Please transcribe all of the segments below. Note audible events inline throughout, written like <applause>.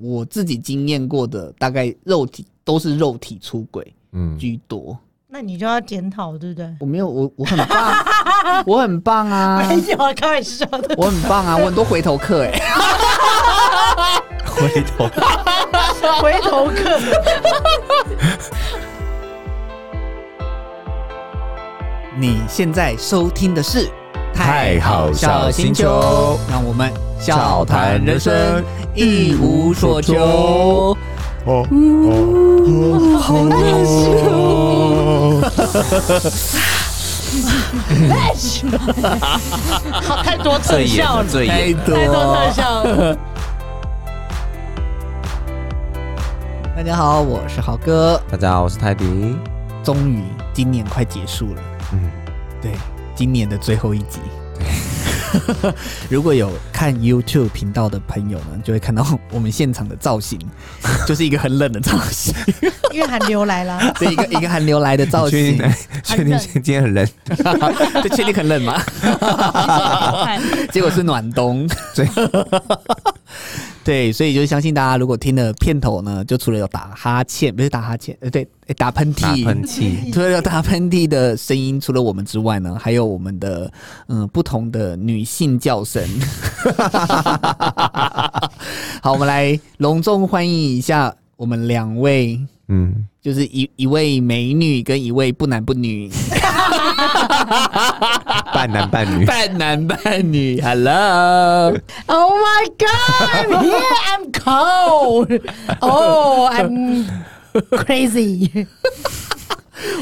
我自己經驗過的大概肉體都是肉體出軌，嗯，居多。那你就要檢討，對不對？我沒有，我我很棒， <laughs> 我很棒啊，我很棒啊！沒有，開玩笑的。我很棒啊，我很多回頭客哎，欸， <laughs> 回頭回頭客。 <laughs> <laughs> 你現在收聽的是。太好笑星球，讓我們笑談人生，一無所求。哦，好難哈哈哈哈哈哈！哈哈哈哈哈哈！好大，大家好，我是豪哥。大家好，我是泰迪。終於，今年快結束了。嗯，對。今年的最後一集， <laughs> 如果有看 YouTube 頻道的朋友呢，就會看到我們現場的造型， <laughs> 就是一個很冷的造型，因為寒流來了，一個一個寒流來的造型，確定，確定今天很冷，這確 <laughs> 定很冷嗎？ <laughs> 結果是暖冬，最。 <laughs> 對，所以就相信大家如果聽了片頭呢，就除了有打哈欠，不是打哈欠，呃，對，欸、打噴嚏打噴嚏，除了有打噴嚏的聲音，除了我們之外呢，還有我們的嗯、呃、不同的女性叫聲。 <laughs> 好，我們來隆重歡迎一下我們兩位，嗯，就是一一位美女跟一位不男不女。 <laughs> 半男半，半男半女，半 <laughs> 男半女。Hello，Oh my God，Yeah，I'm cold. Oh，I'm crazy。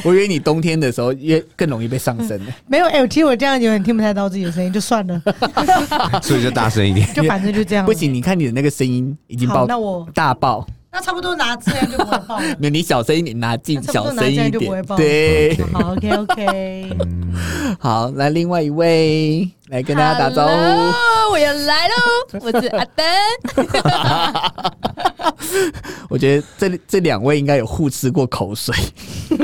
我以為你冬天的時候更容易被上身呢、嗯。沒有 LT，、欸、我這樣有點聽不太到自己的聲音，就算了。 <laughs> 所以就大聲一點，就反正就這樣。不行，你看你的那個聲音已經爆，那我大爆。他差不多拿這樣就不會爆。那 <laughs> 你小聲一點，拿近，小聲一點。對 okay. 好，OK OK <laughs> 嗯。好，來，另外一位來跟大家打招呼，Hello, 我要來嘍，我是阿登。 <laughs> <laughs> <laughs> 我覺得這這兩位應該有互吃過口水， <laughs> 因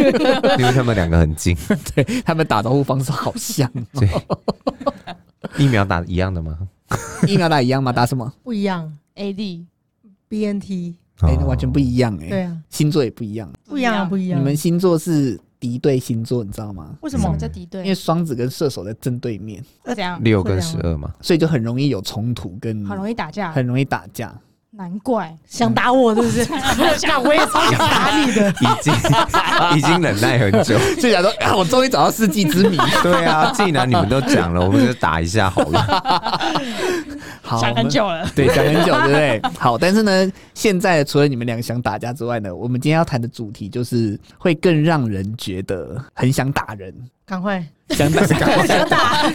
為他們兩個很近， <laughs> 對，他們打招呼方式好像、哦，對，疫苗打一樣的嗎？ <laughs> 疫苗打一樣嗎？打什麼？不一樣，A D B N T。AD, 哎、欸，那完全不一樣哎、欸，哦對啊，星座也不一樣，不一樣，不一樣。你們星座是敵對星座，你知道嗎？為什麼、嗯、什麼叫敵對？因為雙子跟射手在正對面。那、啊、怎樣？六跟十二嘛，所以就很容易有衝突，跟很容易打架，很容易打架。難怪想打我、嗯，是不是？那 <laughs> 我也想打你的， <laughs> 已經已經忍耐很久， <laughs> 就想說啊，我終於找到世紀之謎。 <laughs> 對啊，既然你們都講了，我們就打一下好了。 <laughs> 好，講很久了，對，講很久， <laughs> 對不對？好，但是呢，現在除了你們兩個想打架之外呢，我們今天要談的主題就是會更讓人覺得很想打人，趕快。想打，趕快打，趕快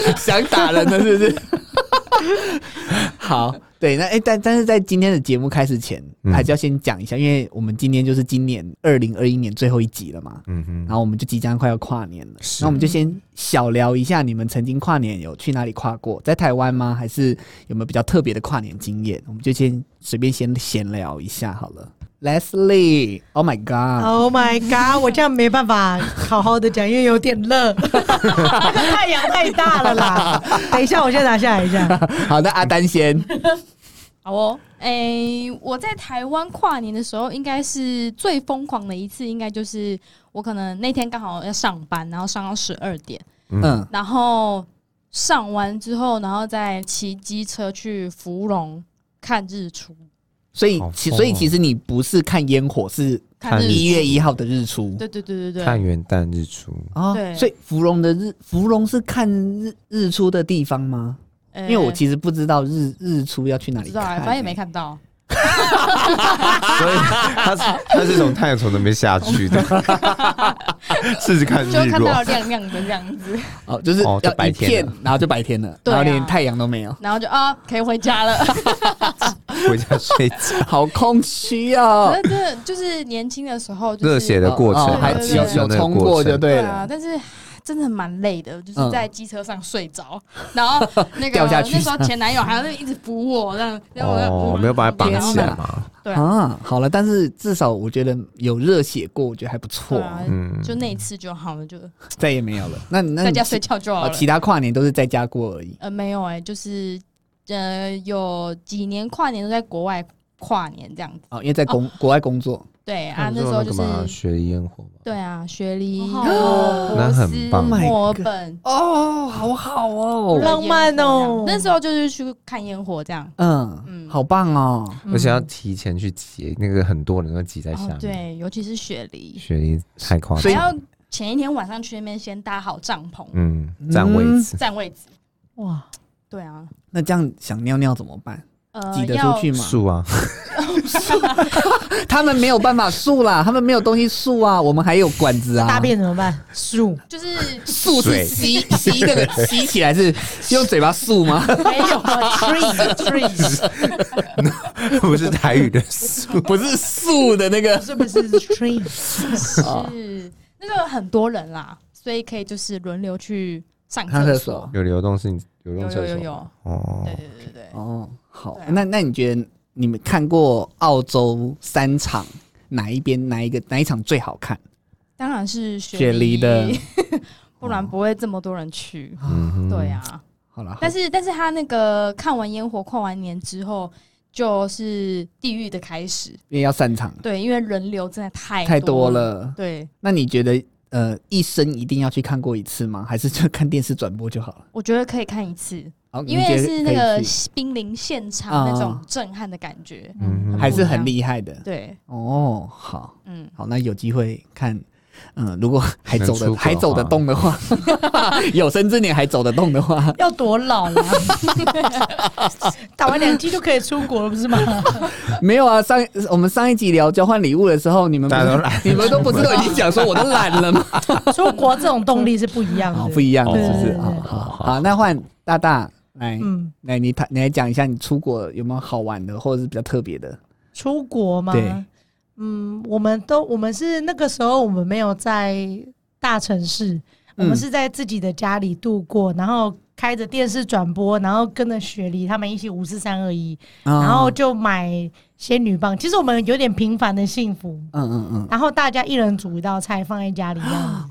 打！想打人的 <laughs> 打人 <laughs> 快打 <laughs> 是不是？ <laughs> <laughs> 好，對，那哎、欸，但但是在今天的節目開始前，嗯、還是要先講一下，因為我們今天就是今年二零二一年最後一集了嘛，嗯哼，然後我們就即將快要跨年了，那我們就先小聊一下，你們曾經跨年有去哪裡跨過？在台灣嗎？還是有沒有比較特別的跨年經驗？我們就先隨便先閒聊一下好了。Leslie，Oh my God！Oh my God！我這樣沒辦法好好的講， <laughs> 因為有點熱， <laughs> 太陽太大了啦。等一下，我先拿下來一下。 <laughs> 好的，阿丹先。好哦，欸，我在台灣跨年的時候，應該是最瘋狂的一次，應該就是我可能那天剛好要上班，然後上到十二點，嗯，然後上完之後，然後再騎機車去芙蓉看日出。所以，哦、其所以其實你不是看煙火，是看一月一號的日出。對對對對對，看元旦日出。哦，對，所以芙蓉的日，芙蓉是看日日出的地方嗎、欸？因為我其實不知道日日出要去哪裡、欸。不知道，反正也沒看到。 <laughs> 所以，他是他是從太陽從那邊下去的。 <laughs> <laughs> 試試看，就看到亮亮的這樣子。哦，就是要哦，就白天，然後就白天了，啊、然後連太陽都沒有，然後就啊、哦，可以回家了， <laughs> 回家睡覺，好空虛哦。那這就是年輕的時候、就是，熱血的過程，還、哦、只、哦、有衝過，過就對了，對啊、但是。真的蠻累的，就是在機車上睡着，嗯，然後那個我那時候前男友還是一直扶我，那，那就，嗯，讓、哦、我，我沒有把他綁起來嘛。對啊，啊，好了，但是至少我覺得有熱血過，我覺得還不錯，啊嗯。就那一次就好了，就再也沒有了。那你那 <laughs> 在家睡覺就好了。其他跨年都是在家過而已。呃，沒有哎、欸，就是呃，有幾年跨年都在國外跨年這樣子。哦，因為在工、哦、國外工作。對啊、嗯，那時候就是、那個，雪梨煙火嘛。對啊，雪梨，哦哦哦，那很棒，墨爾本哦，好好哦，浪漫哦。那時候就是去看煙火這樣，嗯，嗯，好棒哦，而且要提前去擠，那個很多人要擠在下面，嗯哦。對，尤其是雪梨，雪梨太誇張了，所以要前一天晚上去那邊先搭好帳篷，嗯，占位置，占、嗯、位置，哇，對啊，那這樣想尿尿怎麼辦？擠得出去嗎？漱、呃、啊， <laughs> 他們沒有辦法漱啦，他們沒有東西漱啊。我們還有管子啊。大便怎麼辦？漱，就是漱是吸，吸那個吸起來是用嘴巴漱嗎？沒有，trees trees， <laughs> tree. <laughs> 不是台語的漱，不是漱的那個，不是不是 t r e 是，tree, <laughs> 是那個很多人啦，所以可以就是輪流去上廁所，有流動性。有有，用有有有有哦，對對對對，對哦，好，啊、那那你覺得你們看過澳洲三場哪，一邊哪一個哪一場最好看？當然是雪梨，雪梨的， <laughs> 不然不會這麼多人去。嗯，對啊，好了。但是但是他那個看完煙火跨完年之後，就是地獄的開始，因為要散場。對，因為人流真的太多太多了。對，那你覺得？呃，一生一定要去看過一次嗎？還是就看電視轉播就好了？我覺得可以看一次，哦、因為是那個瀕臨現場那種震撼的感覺，嗯嗯、還是很厲害的。對，哦，好，嗯，好，那有機會看。嗯，如果還走得還走得動的話， <laughs> 有生之年還走得動的話，要多老啊？打完兩季就可以出國了，不是嗎？ <laughs> 沒有啊，上我們上一集聊交換禮物的時候，你們都你們都不知道已經講說我都懶了嗎？ <laughs> 出國這種動力是不一樣的，哦、不一樣的，是不是？好好好，那換大大來，嗯、來你你來講一下，你出國有沒有好玩的，或者是比較特別的？出國嗎？對。嗯，我們都我們是那個時候，我們沒有在大城市，嗯、我們是在自己的家裡度過，然後開着電視轉播，然後跟着雪梨他們一起五四三二一，然後就買。仙女棒，其實我們有點平凡的幸福，嗯嗯嗯，然後大家一人煮一道菜放在家裡，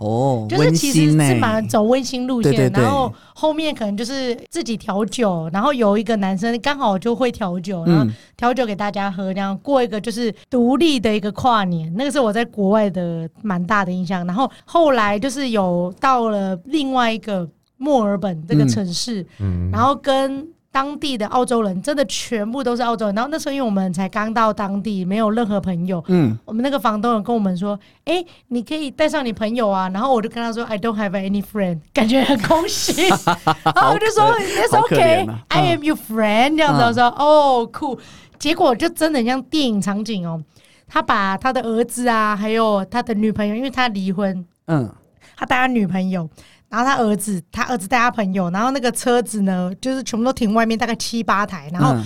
哦，就是其實是蠻走溫馨路線，對對對，然後後面可能就是自己調酒，然後有一個男生剛好就會調酒，嗯、然後調酒給大家喝，這樣過一個就是獨立的一個跨年，那個是我在國外的蠻大的印象。然後後來就是有到了另外一個墨爾本這個城市，嗯嗯、然後跟。當地的澳洲人真的全部都是澳洲人。然後那時候因為我們才剛到當地，沒有任何朋友。嗯，我們那個房東人跟我們說：“哎、欸，你可以帶上你朋友啊。”然後我就跟他說：“I don't have any friend。”感覺很恭喜空虛。 <laughs> <laughs> <laughs> 然後我就說：“It's OK,、啊、I am your friend、嗯。”這樣子說，哦，l、cool、結果就真的像電影場景哦，他把他的兒子啊，還有他的女朋友，因為他離婚，嗯，他帶他女朋友。然後他兒子，他兒子帶他朋友，然後那個車子呢，就是全部都停外面，大概七八台。然後、嗯、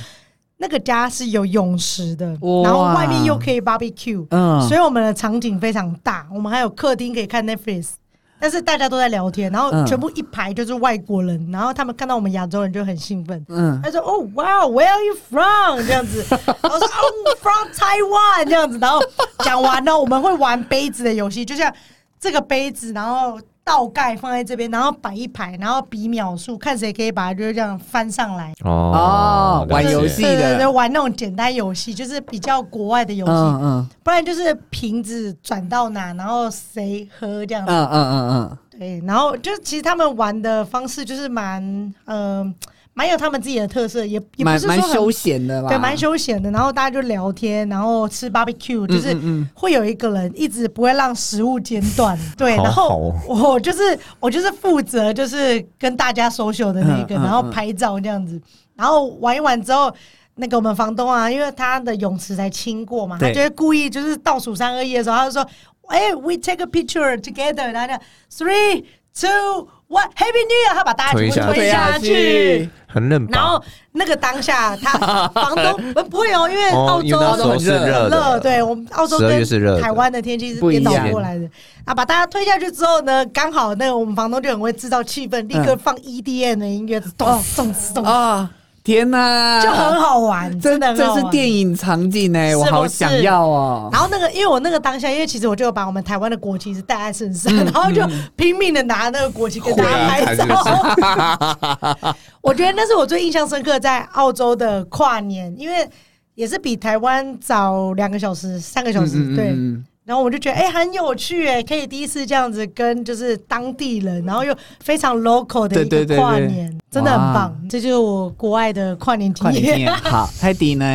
那個家是有泳池的，然後外面又可以 BBQ。嗯，所以我們的場景非常大，我們還有客廳可以看 Netflix。但是大家都在聊天，然後全部一排就是外國人，嗯、然後他們看到我們亞洲人就很興奮。嗯，他說：“哦，哇，Where are you from？” 這樣子， <laughs> 然後說：“Oh, from Taiwan。”這樣子，然後講完了， <laughs> 我們會玩杯子的遊戲，就像這個杯子，然後。倒蓋放在這邊，然後擺一排，然後比秒數，看誰可以把它就這樣翻上來。哦、哦，玩遊戲的，對對對，玩那種簡單遊戲，就是比較國外的遊戲。嗯、嗯，不然就是瓶子轉到哪，然後誰喝這樣子。嗯嗯嗯嗯，對，然後就是其實他們玩的方式就是蠻嗯。呃蠻有他們自己的特色，也也不是說很休閒的吧？對，蠻休閒的。然後大家就聊天，然後吃 barbecue，就是會有一個人一直不會讓食物間斷，嗯嗯嗯。對，然後我就是我就是負責就是跟大家 social 的那個嗯嗯嗯，然後拍照這樣子。然後玩一玩之後，那個我們房東啊，因為他的泳池才清過嘛，他就會故意就是倒數三二一的時候，他就說：“哎、hey,，we take a picture together。”大家 three two。我，Happy New Year！他把大家全部推下去，下去下去下去很冷。然後那個當下，他房東 <laughs> 不會哦，因為澳洲、oh, 為是熱很熱，對我們澳洲跟台灣的天氣是顛倒過來的。的啊，把大家推下去之後呢，剛好那個我們房東就很會制造氣氛，嗯、立刻放 EDM 的音樂，咚咚咚啊！天吶、啊，就很好玩，真，真的，這是電影場景哎、欸，我好想要哦、喔。然後那個，因為我那個當下，因為其實我就有把我們台灣的國旗是帶在身上，然後就拼命的拿那個國旗給大家拍照。啊就是， <laughs> <laughs> 我覺得那是我最印象深刻，在澳洲的跨年，因為也是比台灣早兩個小時、三個小時，嗯、對。嗯嗯然後我就覺得，哎、欸，很有趣，哎，可以第一次這樣子跟就是當地人，然後又非常 local 的一個跨年，對對對對對，真的很棒。這就是我國外的跨年體驗，驗。好，泰迪呢？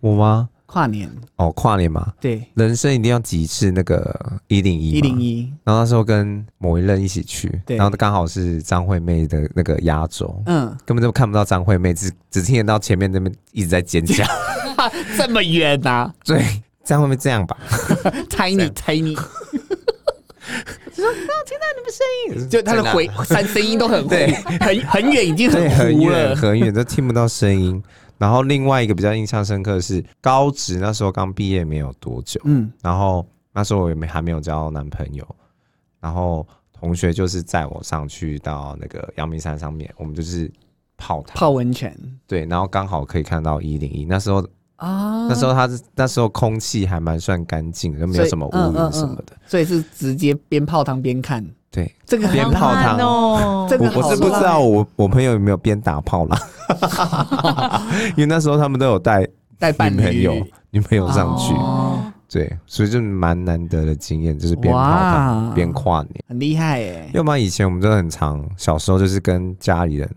我嗎？跨年哦，跨年嘛。對，人生一定要幾次那個一零一。一零一。然後那時候跟某一任一起去，然後剛好是張惠妹的那個壓軸。嗯。根本就看不到張惠妹，只只聽得到前面那邊一直在尖叫。 <laughs> 這麼遠啊？對。在外面這樣吧，猜你猜你， <laughs> 就說沒有聽到你們聲音， <laughs> 就他的回返聲音都很對，很很遠，已經很遠很遠都聽不到聲音。 <laughs> 然後另外一個比較印象深刻的是，高職那時候剛畢業沒有多久，嗯，然後那時候我也沒還沒有交男朋友，然後同學就是載我上去到那個陽明山上面，我們就是泡湯泡溫泉，對，然後剛好可以看到一零一那時候。啊，那時候他是，那時候空氣還蠻算乾淨的，就沒有什麼烏雲什麼的，所以、嗯嗯嗯、所以是直接邊泡湯邊看，對，這個很浪漫、喔、 <laughs> 我、這個欸、我是不知道我我朋友有沒有邊打炮啦， <laughs> 因為那時候他們都有帶帶女朋友女、嗯、朋友上去、哦，對，所以就蠻難得的經驗，就是邊泡湯邊跨年，很厲害耶、欸！要不以前我們真的很常，小時候就是跟家裡人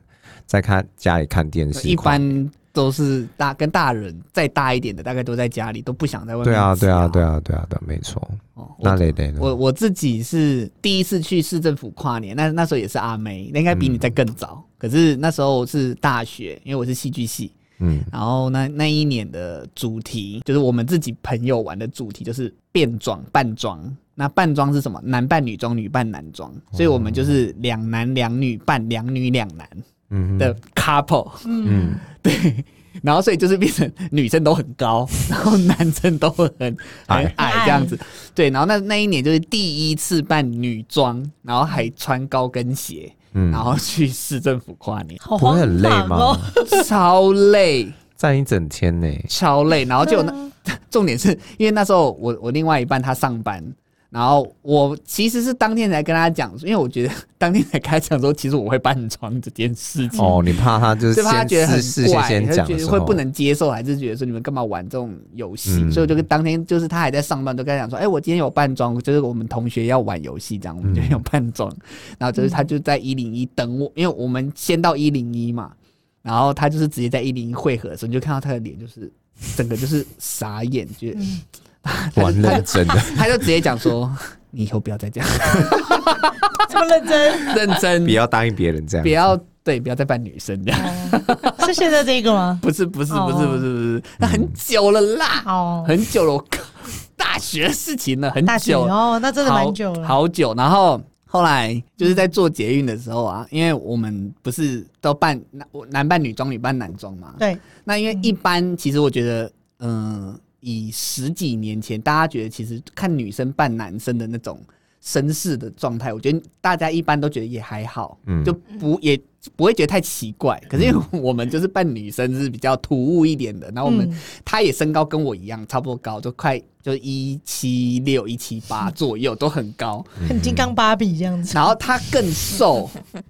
在看家裡看電視，一般。都是大跟大人再大一點的，大概都在家裡，都不想在外面。對啊，對啊，對啊，對啊，對啊，沒錯。哦，那雷雷呢？我我自己是第一次去市政府跨年，那那時候也是阿妹，那應該比你在更早。嗯、可是那時候是大學，因為我是戲劇系。嗯。然後那那一年的主題就是我們自己朋友玩的主題，就是變裝扮裝。那扮裝是什麼？男扮女裝，女扮男裝。所以我們就是兩男、嗯、兩女扮兩女兩男的 couple，嗯對，然後所以就是變成女生都很高，嗯、然後男生都很矮這樣子，對，然後那那一年就是第一次扮女裝，然後還穿高跟鞋、嗯，然後去市政府跨年，不會很累嗎？ <laughs> 超累，站一整天呢。欸，超累，然後就那、嗯、重點是因為那時候我我另外一半他上班。然後我其實是當天才跟他講，因為我覺得當天才開場的時候，其實我會扮裝這件事情。哦，你怕他就是，怕他覺得很意外，先先他就覺得會不能接受，還是覺得說你們幹嘛玩這種遊戲，嗯？所以我就當天就是他還在上班，就跟他講說：“哎、欸，我今天有扮裝，就是我們同學要玩遊戲這樣，嗯、我們就有扮裝。”然後就是他就在一零一等我、嗯，因為我們先到一零一嘛，然後他就是直接在一零一會合的時候，你就看到他的臉就是 <laughs> 整個就是傻眼，就。嗯蠻認真的，他就直接講說：“ <laughs> 你以後不要再這樣，這麼認真，認真，不要答應別人這樣，不要對，不要再扮女生這樣、嗯。”是現在這個嗎？不是，不是，不是，不是，不是，那很久了啦，哦、很久了，我大學事情了，很久哦，那真的蠻久了好，好久。然後後來就是在坐捷運的時候啊，因為我們不是都扮男男扮女裝，女扮男裝嘛，對。那因為一般，其實我覺得，嗯、呃。以十幾年前，大家覺得其實看女生扮男生的那種，紳士的狀態，我覺得大家一般都覺得也還好，嗯、就不也不會覺得太奇怪。可是因為我們就是扮女生，就是比較突兀一點的。嗯、然後我們她也身高跟我一樣，差不多高，就快就一七六一七八左右，都很高，很金剛芭比這樣子。然後她更瘦，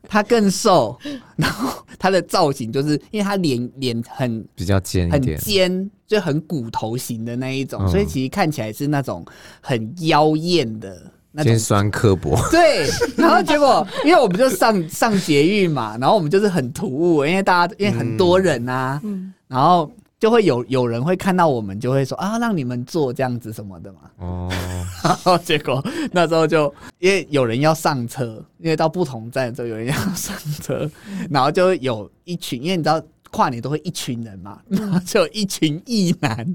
她更瘦， <laughs> 然後她的造型就是因為她臉臉很比較尖，很尖，就很骨頭型的那一種、嗯，所以其實看起來是那種很妖豔的。尖酸刻薄，對，然後結果，因為我們就上上捷運嘛，然後我們就是很突兀，因為大家因為很多人啊，然後就會有有人會看到我們，就會說啊，讓你們坐這樣子什麼的嘛。哦，然後結果那時候就因為有人要上車，因為到不同站就有人要上車，然後就有一群，因為你知道。跨年都會一群人嘛，然後就一群異男，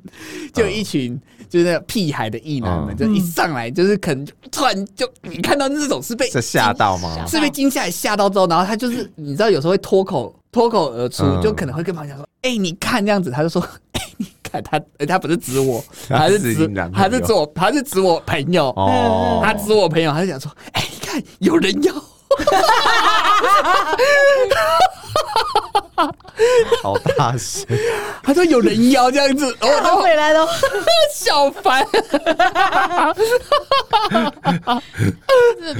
就一群就是那種屁孩的異男們，就一上來就是可能突然就你看到那種是被嚇到嗎？是被驚嚇嚇到之後，然後他就是你知道有時候會脫口脫口而出，就可能會跟朋友講說：“哎、欸，你看這樣子。”他就說：“哎、欸，你看他，他不是指我，他是指，他是指我，他是指我朋友、哦。他指我朋友，他就想說：哎、欸，你看有人要。”哈，好大聲！他說有人妖這樣子哦，回 <laughs> 來了，哦， <laughs> 小凡，哈哈哈哈哈，哈哈哈哈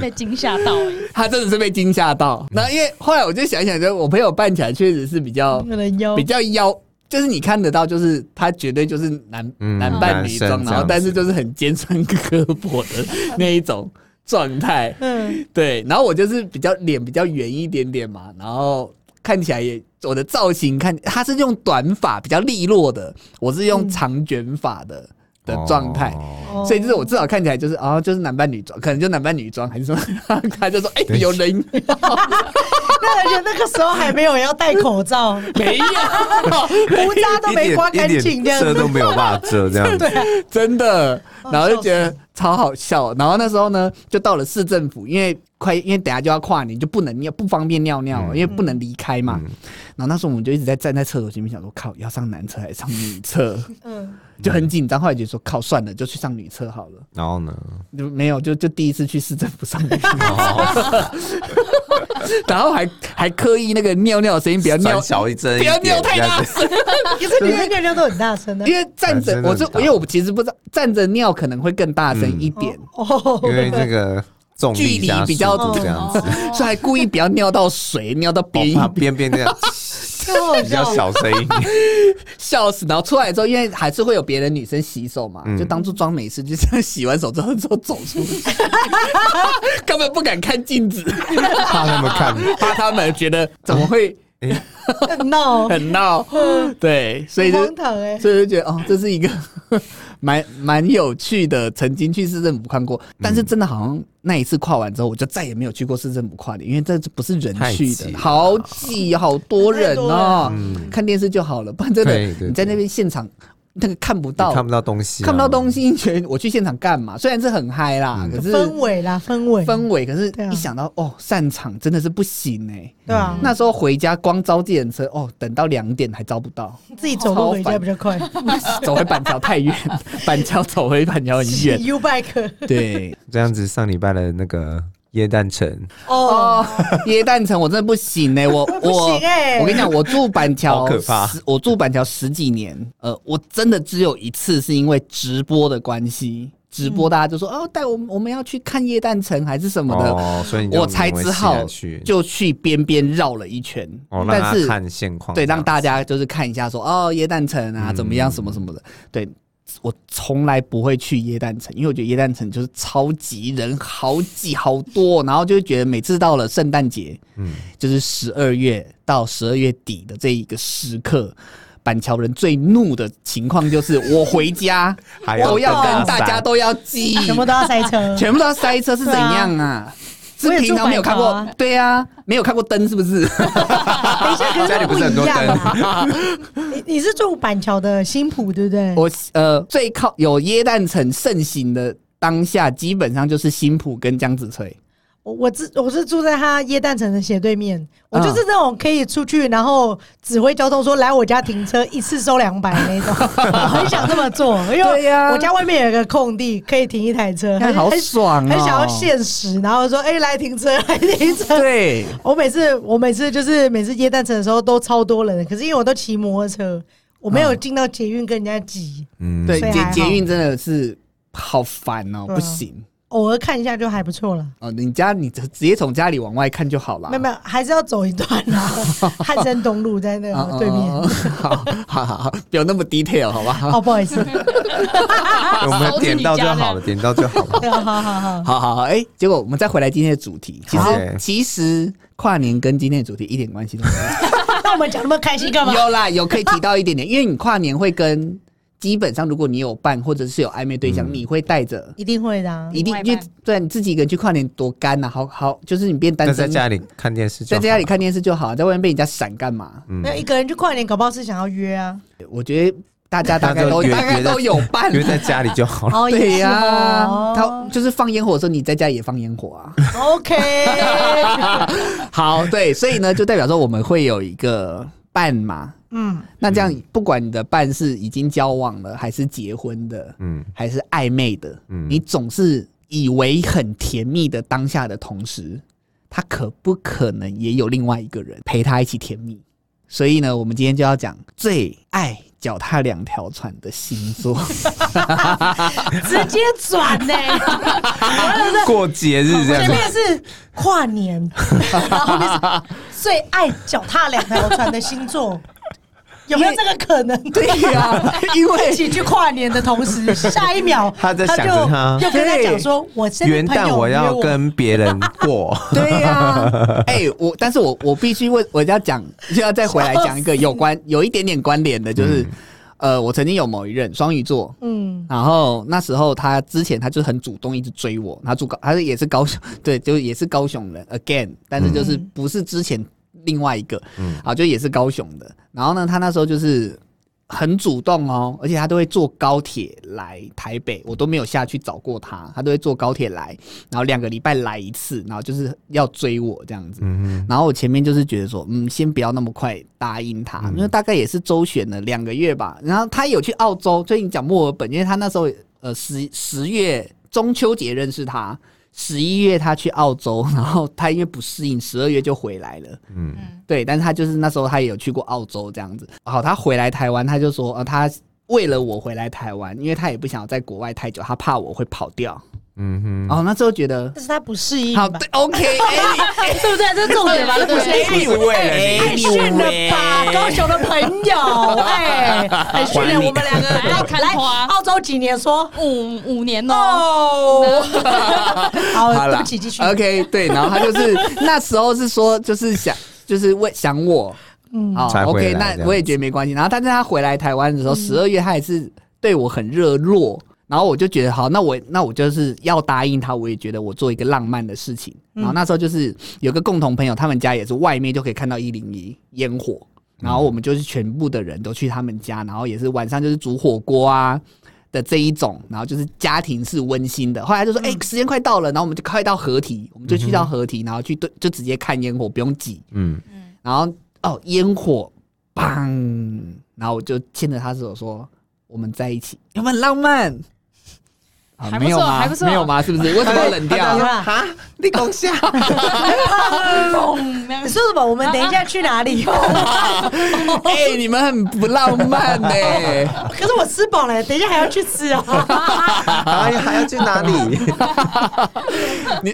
被驚嚇到。他真的是被驚嚇到。 <laughs> 那因為後來我就想一想，就我朋友扮起來確實是比較有人妖，比較妖，就是你看得到，就是他絕對就是男男扮女裝，然後但是就是很尖酸刻薄的那一種。 <laughs> 狀態，嗯，對，然後我就是比較臉比較圓一點點嘛，然後看起來也我的造型看，他是用短髮比較利落的，我是用長卷髮的。嗯的狀態、哦，所以就是我至少看起來就是哦，就是男扮女裝，可能就男扮女裝，還是還說他就說哎，有人。哈哈、哦、 <laughs> <laughs> 那,那個時候還沒有要戴口罩， <laughs> 沒有，哦、胡渣都沒刮乾淨，這樣子都沒有辦法遮，這樣子 <laughs> 對、啊，真的，然後就覺得超好笑。然後那時候呢，就到了市政府，因為快，因為等下就要跨年，就不能尿，不方便尿尿了、嗯，因為不能離開嘛。然後那時候我們就一直在站在廁所前面，想說靠，要上男廁還是上女廁？ <laughs> 嗯。就很緊張，後來就說靠，算了，就去上女廁好了。然後呢，就沒有，就就第一次去市政府上女廁，哦、 <laughs> 然後還還刻意那個尿尿的聲音比較尿小一針，不要尿太大聲，因為尿尿都很大聲啊、就是就是。因為站着，我就因為我其實不知道站着尿可能會更大聲一點，嗯哦、因為那個重距離比較多這樣子，哦、 <laughs> 所以還故意不要尿到水，哦、尿到邊邊邊這樣。 <laughs> <laughs> 比較小聲音， <laughs> 笑死！然後出來之後，因為還是會有別的女生洗手嘛，嗯、就當作裝沒事，就這樣洗完手之後之後走出去，去根本不敢看鏡子，怕他們看，怕他們覺得怎麼會、嗯，欸、 <laughs> 很鬧，很鬧，對，所以就、欸、所以就覺得哦，這是一個。 <laughs> 蠻蠻有趣的，曾經去市政府看過，但是真的好像那一次跨完之後，我就再也沒有去過市政府跨年，因為這不是人去的，好擠，好多人啊、哦！看電視就好了，不然真的，對對對，你在那邊現場。那個看不到，看不到、啊，看不到東西，看不到東西，覺得我去現場幹嘛？雖然是很嗨啦、嗯，可是氛圍啦，氛圍，氛圍。可是一想到、啊、哦，散場真的是不行哎、欸。對啊、嗯。那時候回家光招計程車哦，等到兩點還招不到，自己走路回家比較快。 <laughs> 走回板橋太遠， <laughs> <laughs> 板橋走回板橋很遠。U-Bike。對，這樣子上禮拜的那個。耶誕城哦， <laughs> 耶誕城，我真的不行哎、欸，我 <laughs> 我我，我跟你講，我住板橋 <laughs> 好可怕，我住板橋十幾年，呃，我真的只有一次是因為直播的關係，直播大家就說、嗯、哦，帶我我們要去看耶誕城還是什麼的，哦，所以我才只好就去邊邊繞了一圈，哦，那。是看現況，對，讓大家就是看一下說哦，耶誕城啊怎麼樣，什麼什麼的，嗯、對。我從來不會去耶誕城，因為我覺得耶誕城就是超級人好擠好多， <laughs> 然後就覺得每次到了聖誕節，嗯，就是十二月到十二月底的這一個時刻，板橋人最怒的情況就是我回家，都 <laughs> 要跟，剛剛跟大家都要擠，全部都要塞車， <laughs> 全部都要塞車是怎樣啊？是平常沒有看過，啊、對呀、啊，沒有看過燈，是不是？ <laughs> 等一下可是你不這樣。 <laughs> 是 <laughs> 你你是住板橋的新埔，對不對？我呃最靠有耶誕城盛行的當下，基本上就是新埔跟江子翠。我我我是住在他耶誕城的斜對面，我就是那種可以出去然後指揮交通說來我家停車一次收兩百那種，我很想這麼做，因為我家外面有一個空地可以停一台車，好爽，很想要現實，然後說哎、欸、來停車來停車，對，我每次我每次就是每次耶誕城的時候都超多人，可是因為我都騎摩托車，我沒有進到捷運跟人家擠，嗯，對，捷捷運真的是好煩哦、喔，不行。偶爾看一下就還不錯了。哦，你家你直直接從家裡往外看就好了。沒有沒有，還是要走一段啊。漢森東路在那個對面。 <laughs> 嗯嗯嗯、好好好，好，不要那麼 detail，好吧？哦、不好意思。 <laughs> <laughs> 我們點到就好了，點到就好了。好 <laughs> 好好，好好哎、 <laughs> 欸，結果我們再回來今天的主題。其實、Okay. 其實跨年跟今天的主題一點關係都沒有。那 <laughs> <laughs> 我們講那麼開心幹嘛？ <laughs> 有啦，有可以提到一點點， <laughs> 因為你跨年會跟。基本上，如果你有伴，或者是有曖昧對象，嗯、你會帶着？一定會的、啊，一定就對，你自己一個人去跨年多幹吶、啊，好好，就是你變單身，在家裡看電視，在家裡看電視就好，在外面被人家閃幹嘛、嗯？那一個人去跨年，搞不好是想要約啊。我覺得大家大概都大概都有伴約，約在家裡就好了。好哦、對呀、啊，他就是放煙火的時候，你在家也放煙火啊。 <laughs> OK， <laughs> 好，對，所以呢，就代表說我們會有一個伴嘛。嗯，那這樣不管你的伴侶已經交往了，還是結婚的，嗯，還是曖昧的，嗯，你總是以為很甜蜜的當下的同時，他可不可能也有另外一個人陪他一起甜蜜？所以呢，我們今天就要講最愛腳踏兩條船的星座， <laughs> 直接轉呢、欸，然後就是，過節日這樣，前面，面是跨年， <laughs> 然後後面是最愛腳踏兩條船的星座。有沒有這個可能？對呀、啊。因為 <laughs> 一起去跨年的同時，下一秒他在想着，他就跟他講說：“我元旦我要跟別人過。 <laughs> 對啊”對呀，哎，我但是我我必須問，我要講，就要再回來講一個有關有一點點關聯的，就是呃，我曾經有某一任雙魚座，嗯，然後那時候他之前他就很主動一直追我，他住高，他是也是高雄，對，就是也是高雄人，again，但是就是不是之前。另外一個，嗯，啊，就也是高雄的。然後呢，他那時候就是很主動哦，而且他都會坐高鐵來台北，我都沒有下去找過他，他都會坐高鐵來，然後兩個禮拜來一次，然後就是要追我這樣子。嗯，然後我前面就是覺得說，嗯，先不要那麼快答應他，因為，嗯，大概也是周旋了兩個月吧。然後他有去澳洲，最近講墨爾本，因為他那時候呃十十月中秋節認識他。十一月他去澳洲，然後他因為不適應，十二月就回來了。嗯，對，但是他就是那時候他也有去過澳洲這樣子。好、哦，他回來台灣，他就說，呃、哦，他為了我回來台灣，因為他也不想在國外太久，他怕我會跑掉。嗯哼，哦、oh,，那之後覺得，但是他不適應，好，對，OK， <laughs> 欸、對不對？這是重點吧這， <laughs> 不是為了你，訓練吧，高雄的朋友，哎、欸，訓練我們兩個來，來，澳洲幾年說？說五五年、喔、哦，好了， <laughs> 對不起，繼續，OK， <laughs> 對，然後他就是 <laughs> 那時候是說，就是想，就是為想我，嗯，好，OK，那我也覺得沒關係。然後但是他回來台灣的時候，十二月，他也是對我很熱絡。然後我就覺得好，那我那我就是要答應他，我也覺得我做一個浪漫的事情、嗯。然後那時候就是有個共同朋友，他們家也是外面就可以看到一零一煙火。然後我們就是全部的人都去他們家、嗯，然後也是晚上就是煮火鍋啊的這一種，然後就是家庭是溫馨的。後來就說哎、嗯欸，時間快到了，然後我們就快到河堤，我們就去到河堤、嗯，然後去對就直接看煙火，不用擠。嗯然後哦煙火棒，然後我就牽着他手說我們在一起，有沒有浪漫？啊，沒有嗎？沒有嗎？是不是？我怎麼冷掉啊？你功下，你 <laughs> <laughs> 說什麼？我們等一下去哪裡？哎、 <laughs> 欸，你們很不浪漫呢、欸。 <laughs> 可是我吃飽了，等一下還要去吃啊。然、 <laughs> 啊、還要去哪裡？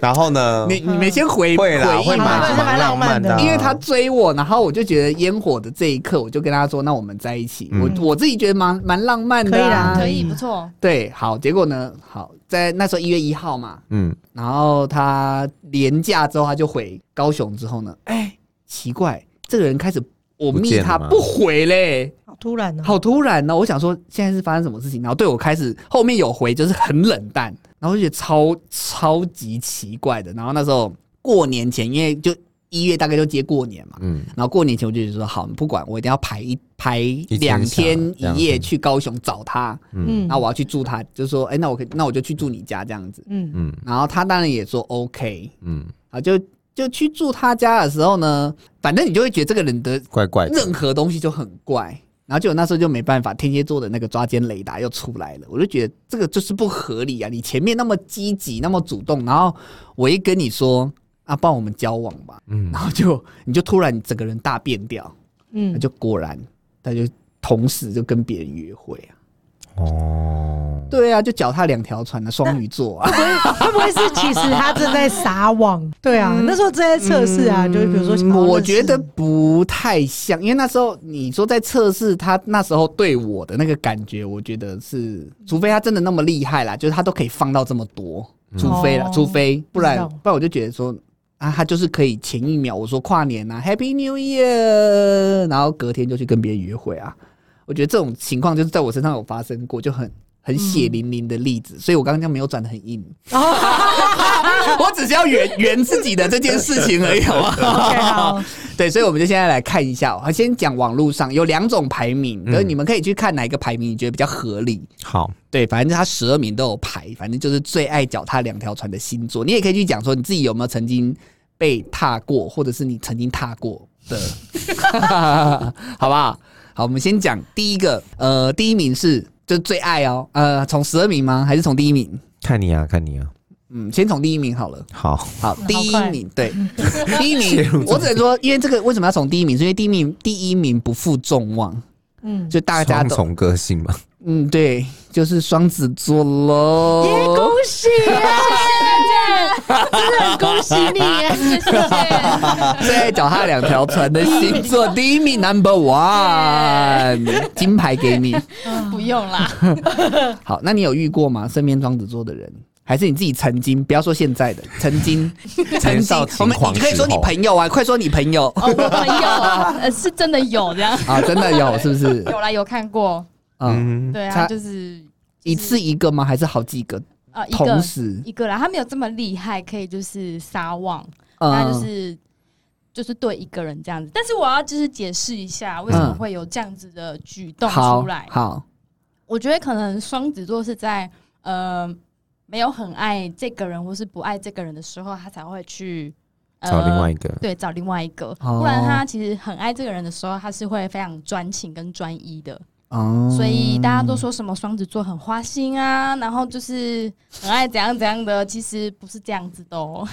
<laughs> 然後呢？你你們先回，會啦，回會啦，會蠻蠻浪漫的、啊。因為他追我，然後我就覺得煙火的這一刻，我就跟他說，那我們在一起。我、嗯、我自己覺得蠻蠻浪漫的、啊，可以啦，嗯、可以不錯。對，好，結果呢？好。在那時候一月一號嘛，嗯，然後他連假之後，他就回高雄之後呢，欸，奇怪，這個人開始我密他不回嘞，好突然哦，好突然哦，我想說現在是發生什麼事情，然後對我開始後面有回就是很冷淡，然後我就覺得超超級奇怪的，然後那時候過年前因為就。一月大概就接過年嘛，嗯，然後過年前我就說好，不管我一定要排一排兩天一夜，一夜去高雄找他，嗯，那我要去住他，就說，哎、欸，那我可以，那我就去住你家這樣子，嗯嗯，然後他當然也說 OK，嗯，啊，就就去住他家的時候呢，反正你就會覺得這個人的怪怪，任何東西就很怪，怪怪然後就我那時候就沒辦法，天蠍座的那個抓奸雷達又出來了，我就覺得這個就是不合理啊，你前面那麼積極那麼主動，然後我一跟你說。啊，幫我們交往吧，嗯，然後就你就突然整個人大變掉，嗯，那、啊、就果然他就同時就跟別人約會啊，哦，對啊，就腳踏兩條船的、啊、雙魚座啊，會不會是其實他正在撒網？ <laughs> 對啊、嗯，那時候正在測試啊，嗯、就是比如說，我覺得不太像，因為那時候你說在測試他那時候對我的那個感覺，我覺得是，除非他真的那麼厲害啦，就是他都可以放到這麼多，除非啦，除非、哦、除非不然不，不然我就覺得說。啊、他就是可以前一秒我說跨年吶、啊、Happy New Year，然後隔天就去跟別人約會啊。我覺得這種情況就是在我身上有發生過，就很很血淋淋的例子。嗯、所以我剛剛沒有轉得很硬， <laughs> <laughs> 我只是要圓圓自己的這件事情而已 <laughs> <laughs> <laughs> okay, 好。對，所以我們就現在來看一下，先講網路上有兩種排名，所、嗯、以你們可以去看哪一個排名你覺得比較合理。好，對，反正他十二名都有排，反正就是最愛腳踏兩條船的星座。你也可以去講說你自己有沒有曾經。被踏過，或者是你曾經踏過的， <laughs> <laughs> 好不好？好，我們先講第一個，呃，第一名是就最愛哦，呃，從十二名嗎？還是從第一名？看你啊，看你啊，嗯，先從第一名好了。好，好，嗯、好第一名，對、嗯，第一名，我只能說，因為這個為什麼要從第一名？是因為第一名，第一名不負眾望，嗯，就大家都從個性嘛，嗯，對，就是雙子座嘍，耶、恭喜、啊。 <laughs> <laughs> 真的很恭喜你！哈哈哈哈哈，在腳踏兩條船的星座第一名 number one，金牌給你。不用啦。好，那你有遇過嗎？身邊雙子座的人，還是你自己曾經？不要說現在的，曾經。曾經，你可以說你朋友啊， <laughs> 快說你朋友。有、哦啊，是真的有這樣啊？真的有，是不是？有啦，有看過。嗯，對啊，就是、就是、一次一個嗎？還是好幾個？啊、呃，一個一個啦，他沒有這麼厲害，可以就是撒網，那、嗯、就是就是對一個人這樣子。但是我要就是解釋一下，為什麼會有這樣子的舉動出來？嗯、好，好，我覺得可能雙子座是在呃沒有很愛這個人或是不愛這個人的時候，他才會去、呃、找另外一個。對，找另外一個。不然他其實很愛這個人的時候，他是會非常專情跟專一的。哦、嗯，所以大家都說什麼雙子座很花心啊，然後就是很愛怎樣怎樣的，其實不是這樣子的哦，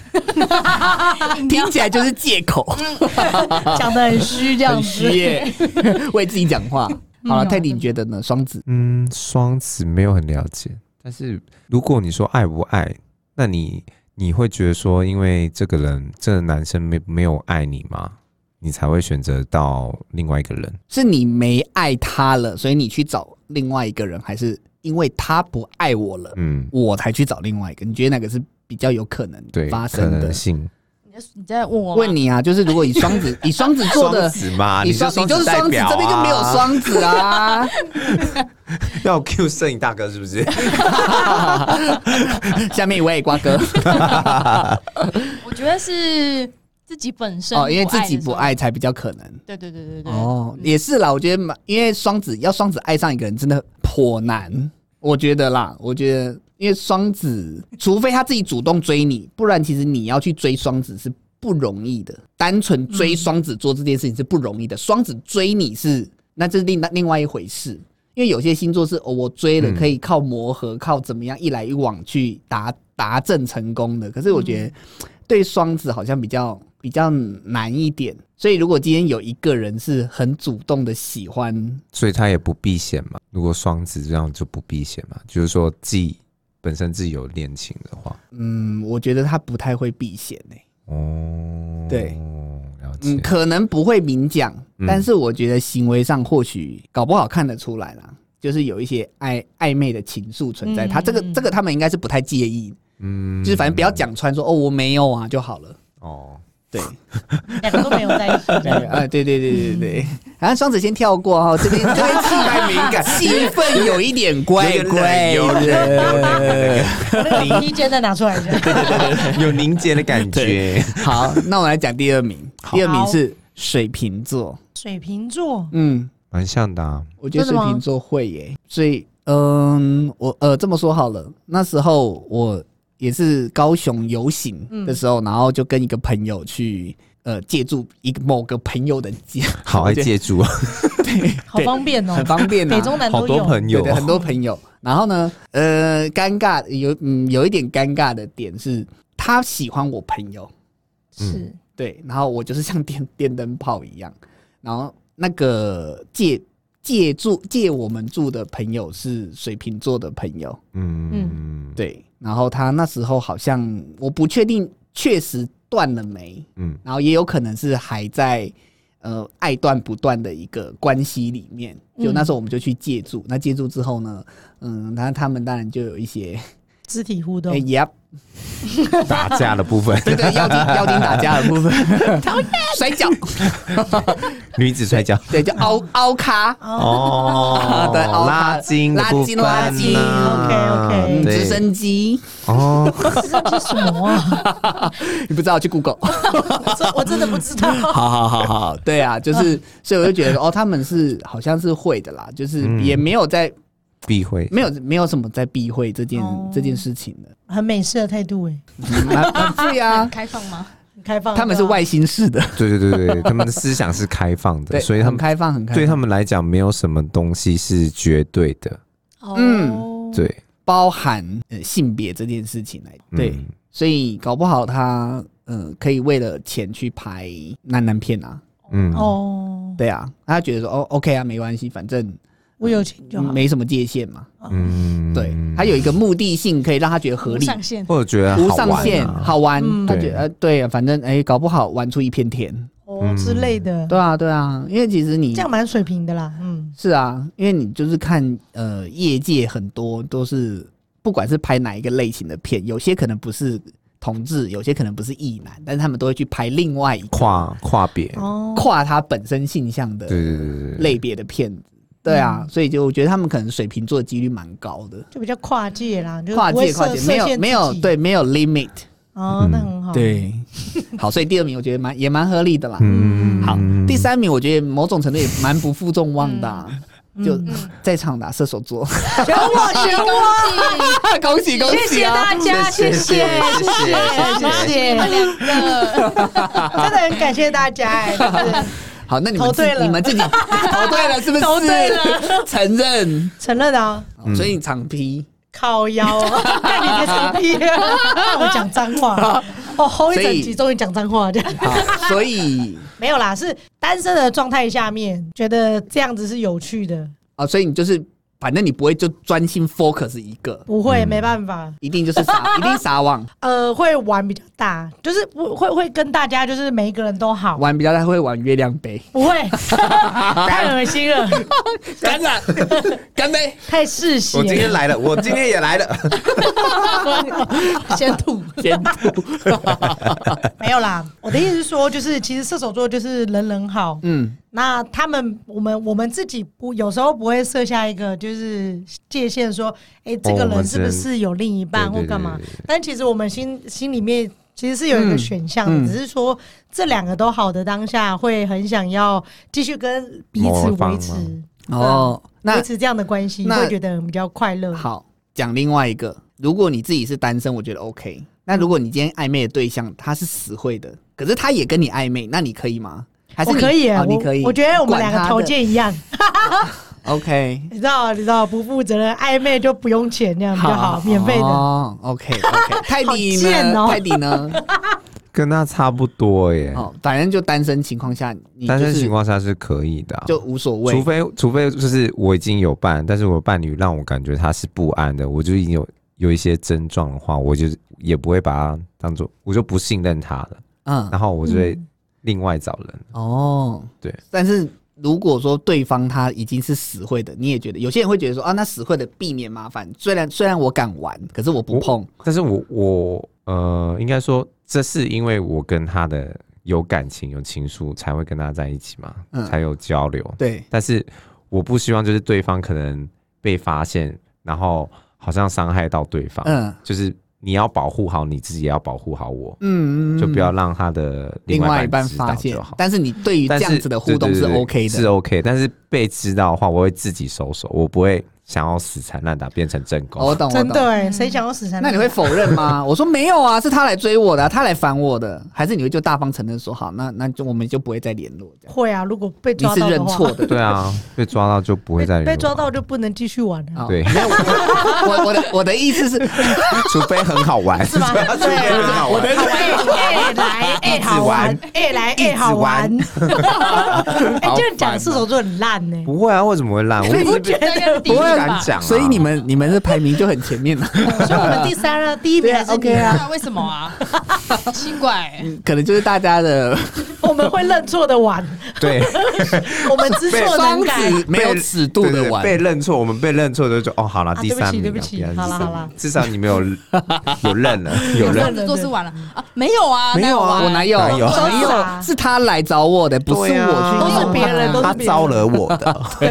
聽起來就是借口，講、嗯、的 <laughs> 很虛這樣子，耶 <laughs> <laughs> 為自己講話。好了，泰迪，你覺得呢？雙子，嗯，雙子沒有很了解，但是如果你說愛不愛，那你你會覺得說，因為這個人這個男生沒沒有愛你嗎？你才會選擇到另外一個人，是你沒愛他了，所以你去找另外一個人，還是因為他不愛我了，嗯，我才去找另外一個？你覺得哪個是比較有可能發生的？你再在問我？問你啊，就是如果以雙子， <laughs> 以雙子座的，雙子嘛，你說你就是雙子代表啊。你就是雙子，這邊就沒有雙子啊？ <laughs> <laughs> 要 Q 攝影大哥是不是？ <laughs> <laughs> 下面一位瓜哥， <laughs> <laughs> 我覺得是。自己本身對對對對對對哦，因為自己不愛才比較可能。對對對對對。哦，也是啦，我覺得嘛，因為雙子要雙子愛上一個人真的頗難，我覺得啦，我覺得，因為雙子，除非他自己主動追你，不然其實你要去追雙子是不容易的。單純追雙子做這件事情是不容易的，嗯、雙子追你是那這是另另外一回事。因為有些星座是、哦、我追了可以靠磨合、靠怎麼樣一來一往去達達正成功的，可是我覺得對雙子好像比較。比較難一點，所以如果今天有一個人是很主動的喜歡，所以他也不避嫌嘛。如果雙子這樣就不避嫌嘛，就是說自己本身自己有戀情的話，嗯，我覺得他不太會避嫌呢、欸。哦，對，嗯，可能不會明講、嗯，但是我覺得行為上或許搞不好看得出來啦。就是有一些曖曖昧的情愫存在。嗯、他這個這個他們應該是不太介意，嗯，就是反正不要講穿說哦我沒有啊就好了。哦。對，兩個都沒有在一起啊！對對對對對，反正雙子先跳過哈，這邊天氣還敏感，氣氛有一點怪怪有人，禮衣間再拿出來一下，對對對對對，有凝結的感覺。好，那我來講第二名，第二名是水瓶座，水瓶座，嗯，蠻像的，啊，我覺得水瓶座會耶、欸。所以，嗯，我呃這麼說好了，那時候我。也是高雄遊行的時候、嗯，然後就跟一個朋友去，呃，借住一個某個朋友的家，好，借住、啊， <laughs> 對， <laughs> 好方便哦，很方便啊，北中南好多朋友對對，很多朋友。 <laughs> 然後呢，呃，尷尬有嗯有一點尷尬的點是，他喜歡我朋友，是，對，然後我就是像電電燈泡一樣，然後那個借借住借我們住的朋友是水瓶座的朋友，嗯嗯，對。然後他那時候好像我不確定，確實斷了沒，嗯，然後也有可能是還在呃愛斷不斷的一個關係裡面，就那時候我們就去借住、嗯，那借住之後呢，嗯，那他，他們當然就有一些。肢體互動，哎、欸、呀，yep、 <laughs> 打架的部分， <laughs> 對，對對，妖精妖精打架的部分，討 <laughs> 厭 <laughs> 甩腳，摔跤，女子摔跤，對，叫奧奧卡，哦，哦啊、對，奧拉，拉筋，拉筋，拉筋 o k OK，, okay 直升機，哦，是什麼啊？ <laughs> <laughs> 你不知道去 Google， <laughs> <laughs> 我真的不知道。 <laughs> 好好好好，對啊，就是，所以我就覺得， <laughs> 哦，他們是好像是會的啦，就是也沒有在。嗯避諱沒有，沒有什麼在避諱這件、oh, 這件事情的，很美式的態度哎、欸嗯，對啊 <laughs> 很開放嗎？很開放、啊，他們是外星式的，對對對對，他們的思想是開放的， <laughs> 對，所以他們開放很開放，對他們來講沒有什麼東西是絕對的，oh. 嗯，對，包含、呃、性別這件事情來，對，嗯、所以搞不好他嗯、呃、可以為了錢去拍男男片啊，嗯哦，oh. 對啊，他覺得說哦 OK 啊，沒關係，反正。我有沒什麼界限嘛，嗯，對，還有一個目的性，可以讓他覺得合理，上，上或者覺得無上限好玩、啊好玩，嗯，他覺得、呃、對反正哎、欸、搞不好玩出一片天哦之類的，嗯、對啊對啊，因為其實你這樣蠻水平的啦嗯，嗯，是啊，因為你就是看呃業界很多都是不管是拍哪一個類型的片，有些可能不是同志，有些可能不是異男，但是他們都會去拍另外一個跨跨別哦跨他本身性向的，的對對對對對類別的片子。對啊、嗯，所以就我覺得他們可能水瓶座的幾率蠻高的，就比較跨界啦，跨界跨界，沒有沒有對沒有 limit，哦，那很好、嗯，對，好，所以第二名我覺得蠻也蠻合理的啦，嗯，好，第三名我覺得某種程度也蠻不負眾望的、啊嗯，就在場的射手座，選、嗯嗯、我，選我。 <laughs> 恭喜恭喜，謝謝大家，謝謝謝謝謝謝，謝謝謝謝謝謝謝謝 <laughs> 真的很感謝大家， <laughs> 就是好，那你們投對了，你們自己投對了，是不是？對了，承認承認啊！所以你長皮，靠、嗯、腰，看你的長皮， <laughs> 我講髒話。哦，吼一整集終於講髒話，所以，所以沒有啦，是單身的狀態下面覺得這樣子是有趣的啊，所以你就是。反正你不會就專心 focus 一個，不會、嗯，沒辦法，一定就是撒，一定撒網。 <laughs> 呃，會玩比較大，就是會會跟大家就是每一個人都好玩比較大，會玩月亮杯，不會， <laughs> 太噁心了，乾了，乾 <laughs> 杯，太嗜血。我今天來了，我今天也來了， <laughs> 先吐，先吐， <laughs> <laughs> 沒有啦。我的意思是說，就是其實射手座就是人人好，嗯。那他們，我們我們自己不有時候不會設下一個就是界限，說，哎、欸，這個人是不是有另一半或幹嘛、oh, 對對對？但其實我們心心裡面其實是有一個選項、嗯，只是說這兩個都好的當下，會很想要繼續跟彼此維持哦，維、嗯嗯、持這樣的關係，你會覺得比較快樂。好，講另外一個，如果你自己是單身，我覺得 OK。那如果你今天曖昧的對象他是死會的、嗯，可是他也跟你曖昧，那你可以嗎？還是可以啊、哦，你可以。我覺得我們兩個條件一樣。O K，你知道，你知道，不負責、曖昧就不用錢，那樣就好，好啊、免費的。O K，O K。泰、okay, 迪、okay, 呢？泰迪、哦、 <laughs> 呢？跟他差不多耶。哦，反正就單身情況下你就就，單身情況下是可以的、啊，就無所謂。除非，除非就是我已經有伴，但是我伴侶讓我感覺他是不安的，我就已經有有一些症狀的話，我就也不會把他當做，我就不信任他了。嗯，然後我就會。嗯另外找人哦，對。但是如果說，對方他已經是死會的，你也覺得有些人會覺得說啊，那死會的避免麻煩。雖然雖然我敢玩，可是我不碰。但是我我呃，應該說，這是因為我跟他的有感情、有情愫，才會跟他在一起嘛，嗯，才有交流。對。但是我不希望就是對方可能被發現，然後好像傷害到對方。嗯。就是。你要保護好你自己，也要保護好我，嗯，就不要讓他的另外一半知道就好。但是你對於這樣子的互動是，對對對對是 OK 的，是 OK。但是被知道的話，我會自己收手，我不會。想要死纏爛打變成正宮，我懂，真的，誰想要死纏爛打，那你會否認嗎？ <laughs> 我說沒有啊，是他來追我的，啊，他來煩我的，還是你會就大方承認說好？那那就我們就不會再聯絡這樣。會啊，如果被抓到你是認錯的。對，對啊，被抓到就不會再聯絡。被，被抓到就不能繼續玩。 <laughs> 對，喔，沒有我我，我的我的、啊、 <laughs> 我的意思是，除非很好玩是嗎？對， <laughs> 很 <laughs> <laughs> 好玩。愛 <laughs> 來愛好玩，哎來愛好玩，欸，這樣講的就講射手座很爛呢。不會啊，為什麼會爛？我不覺得不會。啊、所以你們你們的排名就很前面了、 <laughs> 哦。所以我們第三了， <laughs> 第一名還是你啊 ok 啊？為什麼啊？ <laughs> 奇怪，可能就是大家的 <laughs> 。我們會認錯的晚。對， <laughs> 我們知錯能改，沒有尺度的晚。被認錯，我們被認錯的就，就哦，好啦第三了、啊，對不起，對不起，好了好了，至少你沒有有認了，有認了 <laughs> 做事完了啊？沒有啊，沒有啊，哪有啊，我哪有？哪有有、啊啊，是他來找我的，啊、不是我去找，都是別人、啊。都是別人，都是招惹我的。 <laughs> 對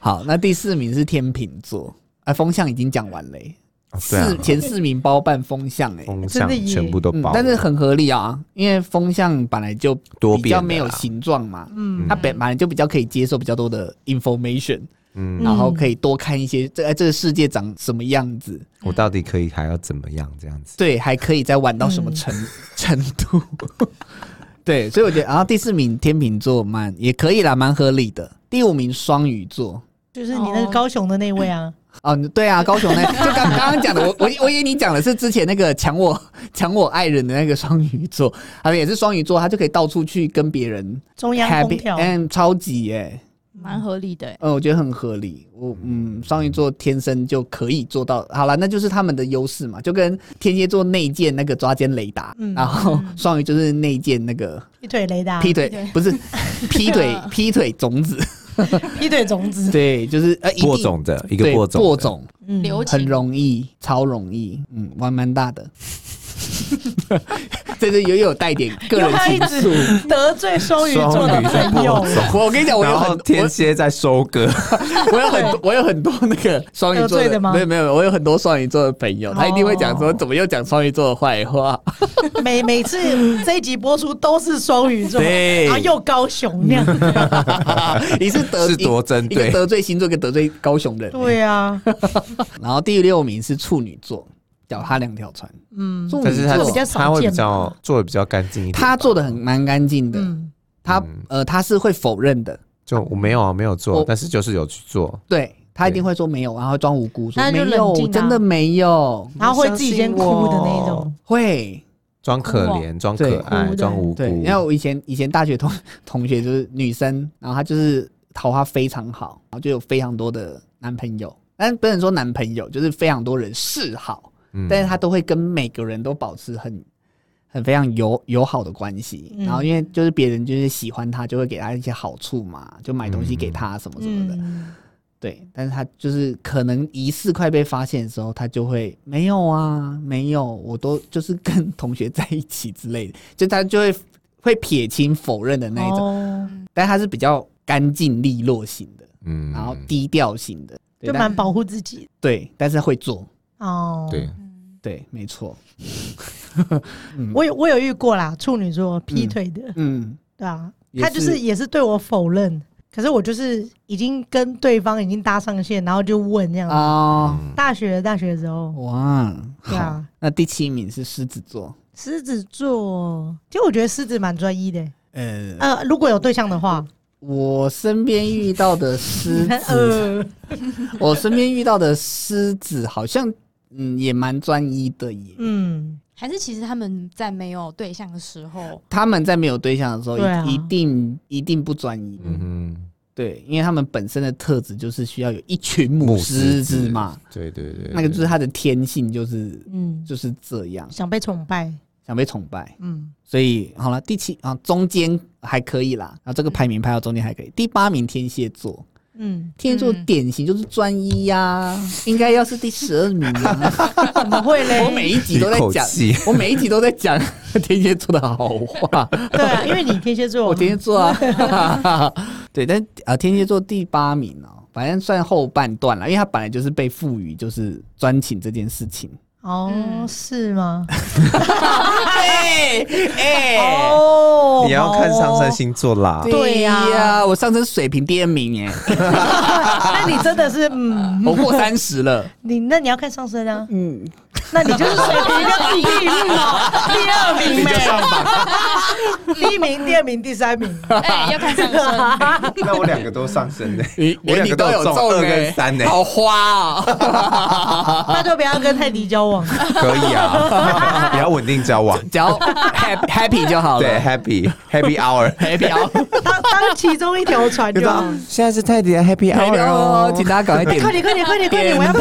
<laughs> 好，那第四名是天秤座，啊，風向已經講完了、欸啊啊，四前四名包辦風向、欸，哎，全部都包、嗯，但是很合理啊，因為風向本來就比較沒有形狀嘛、啊，嗯，它本本來就比較可以接受比較多的 information，嗯，然後可以多看一些這這個世界長什麼樣子，我到底可以還要怎麼樣這樣子？對，還可以再玩到什麼程程度？嗯、 <laughs> 對，所以我覺得啊，然後第四名天秤座蠻也可以啦，蠻合理的。第五名雙魚座。就是你那個高雄的那位啊哦、嗯？哦，對啊，高雄那，就剛剛剛講的， <laughs> 我我我以為你講的是之前那個搶我搶我愛人的那個雙魚座，他們也是雙魚座，他就可以到處去跟別人 happy, 中央空調，嗯，超級耶、欸，蠻合理的、欸。嗯，我覺得很合理。我嗯，雙魚座天生就可以做到。好了，那就是他們的優勢嘛，就跟天蠍座內建那個抓姦雷達、嗯，然後雙魚就是內建那個劈腿雷達，劈腿不是劈 <laughs> 腿劈腿種子。 <laughs> 一對種子，對，就是、呃、一播種的一個播種，播種，嗯，很容易，超容易，嗯，玩蠻大的。 <laughs> <laughs> 真的也有帶點個人情緒，得罪雙魚座的朋友。我，我跟你講，我有很我天蠍在收割 <laughs> 我有很多我有很多那個雙魚座的、的嗎？沒有沒有，我有很多雙魚座的朋友，哦、他一定會講說怎麼又講雙魚座的壞話。每每次這一集播出都是雙魚座，然後又高雄那樣。 <laughs> <laughs> 你是得罪多針對得罪星座跟得罪高雄人，對呀、啊，欸， <laughs> 然後第六名是處女座。腳踏兩條船，嗯，但是他做比較，他會比較做的比較乾淨一點，他做的很蠻乾淨的，嗯、他呃他是會否認的，就我沒有、啊、沒有做，但是就是有去做。對，他一定會說沒有，然後裝無辜，說沒有、啊、真的沒有。他會自己先哭的那種，會裝可憐裝可愛裝無辜，因為，我以前以前大學同同學就是女生，然後她就是桃花非常好，然後就有非常多的男朋友，但不能說男朋友，就是非常多人示好。但是他都會跟每個人都保持很很非常友友好的關係、嗯，然後因為就是別人就是喜歡他，就會給他一些好處嘛，就買東西給他什麼什麼的。嗯、對，但是他就是可能疑似快被發現的時候，他就會沒有啊，沒有，我都就是跟同學在一起之類的，就他就會會撇清否認的那一種、哦。但他是比較乾淨利落型的，嗯，然後低調型的，就蠻保護自己。對，但是會做。哦、oh，對對，沒錯， <laughs> 我有我有遇過啦，處女座劈腿的，嗯，嗯，對啊，他就是也是對我否認，可是我就是已經跟對方已經搭上線，然後就問這樣子，哦、大學大學的時候，哇，對啊，那第七名是獅子座，獅子座，就我覺得獅子蠻專一的，呃呃，如果有對象的話，我，我身邊遇到的獅子、 <laughs> 呃，我身邊遇到的獅子好像，嗯，也蠻專一的耶。嗯，還是其實他們在沒有對象的時候，他們在沒有對象的時候，對啊、一定一定不專一。嗯對，因為他們本身的特質就是需要有一群母獅子嘛。子對，對對對。那個就是他的天性，就是嗯，就是這樣。想被崇拜，想被崇拜。嗯，所以好了，第七啊，中間還可以啦。啊，這個排名排到中間還可以、嗯。第八名天蠍座。嗯，天蠍座典型就是專一呀，啊嗯，應該要是第十二名，啊， <laughs> <laughs> <laughs> 怎麼會嘞？我每一集都在講，我每一集都在講天蠍座的好話。 <laughs> 對啊，因為你天蠍座，我天蠍座啊。 <laughs> 座啊 <laughs> 對，但啊，呃，天蠍座第八名哦，反正算後半段了，因為他本來就是被賦予就是專情這件事情。哦、oh, 嗯，是嗎？對、 <laughs> 欸，哎、欸，哦、oh，你要看上升星座啦，oh, oh. 對呀、啊啊，我上升水瓶第二名耶，哎， <laughs> <laughs> 那你真的是，嗯，我過三十了， <laughs> 你那你要看上升啊，嗯。那你就是說你就要第一名、第二名， <laughs> 第一名、第二名、第三名。哎、 <laughs> 欸，要看上升。 <laughs> 那我兩個都上升嘞、欸欸，我兩個都有中、欸、二跟三嘞、欸。好花啊、哦！那 <laughs> <laughs> 就不要跟泰迪交往。 <laughs> 可以啊， <laughs> <laughs> 比較穩定交往，只要 <laughs> happy, <laughs> happy happy 就好了。對，happy happy hour，happy hour。當其中一條船就好。現在是泰迪的、啊、happy hour，哦，哦，請大家搞一點、 <laughs> 哎。快點，快點，快點，快點，我要脫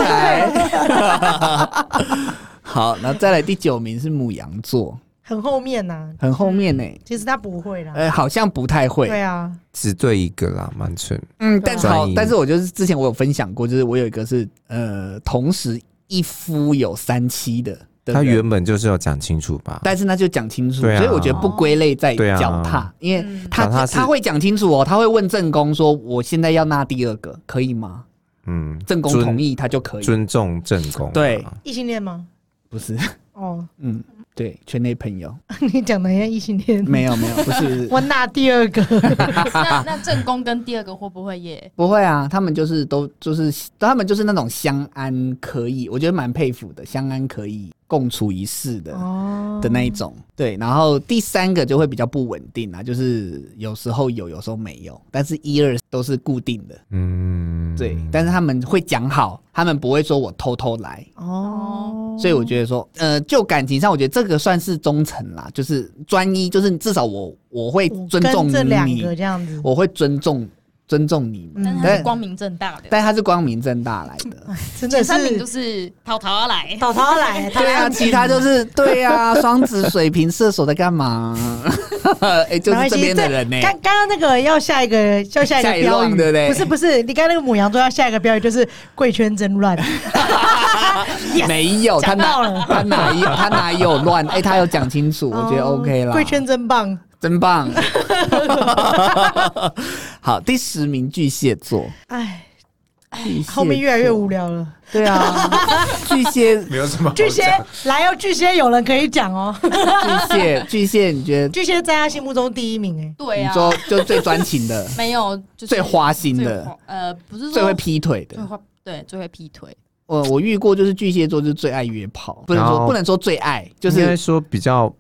鞋。好，那再來第九名是牡羊座， <laughs> 很後面啊，很後面呢、欸。其實他不會啦、呃，好像不太會。對啊，只對一個啦，蠻純。嗯，但好、啊，但是我就是之前我有分享過，就是我有一個是呃，同時一夫有三妻的。對對，他原本就是要講清楚吧，但是那就講清楚對，啊，所以我覺得不歸類在腳踏、啊，因為他、嗯、他，他會講清楚哦，他會問正宮說，我現在要納第二個，可以嗎？嗯，正宮同意他就可以，尊重正宮、啊。對，異性戀嗎？不是哦，oh. 嗯，對，圈內朋友， <laughs> 你講的很像異性戀，沒有沒有，不是， <laughs> 我拿第二個， <laughs> <laughs> 那那正宮跟第二個會不會耶？不會啊，他們就是都就是，他們就是那種相安可以，我覺得蠻佩服的，相安可以。共處一室的的那一種、哦，對，然後第三個就會比較不穩定啊，就是有時候有，有時候沒有，但是一二都是固定的，嗯，對，但是他們會講好，他們不會說我偷偷來，哦，所以我覺得說，呃，就感情上，我覺得這個算是忠誠啦，就是專一，就是至少我我會尊重你，這兩個這樣子我會尊重。尊重你，對、嗯，是光明正大的，但他是光明正大來的，啊、真的是，前三名就是淘淘來，淘淘來， <laughs> 對啊，其他就是，對啊，雙 <laughs> 子、水瓶、射手在幹嘛？哈 <laughs> 哈、欸，就是這邊的人呢、欸。剛剛那個要下一個，要下一個標語，的咧不是不是，你剛剛那個牡羊座要下一個標語就是“貴圈真亂”，沒有，講到了他，他哪有，他哪有亂、 <laughs> <laughs> 欸？他有講清楚、哦，我覺得 OK 了。貴圈真棒。真棒！ <laughs> 好，第十名巨蟹座。哎，後面越來越無聊了。對啊，巨蟹沒有什麼。巨蟹來哦，巨蟹有人可以講哦。 <laughs> 巨蟹，巨蟹，你覺得？巨蟹在他心目中第一名哎、欸。對啊，你說就最專情的？沒有、就是，最花心的。呃，不是說最會劈腿的。對，最會劈腿。我、呃、我遇過就是巨蟹座，就是最愛約炮。不能說不能說最愛，就是應該說比較。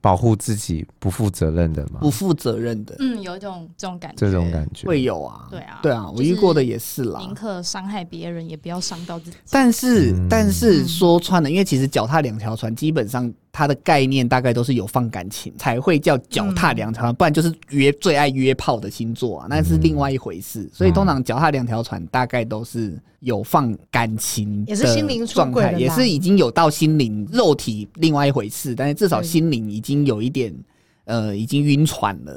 保護自己，不負責任的嗎？不負責任的，嗯，有一種這種感覺，這種感覺會有啊，對啊，對啊，就是、我遇過的也是啦。寧可傷害別人，也不要傷到自己。但是、嗯，但是說穿了，因為其實腳踏兩條船，基本上它的概念大概都是有放感情才會叫腳踏兩條船，不然就是約最愛約炮的星座啊，那是另外一回事。嗯、所以，通常腳踏兩條船，大概都是有放感情，也是心靈出軌，也是已經有到心靈肉體另外一回事。但是，至少心靈已經。已經有一點，呃，已經暈船了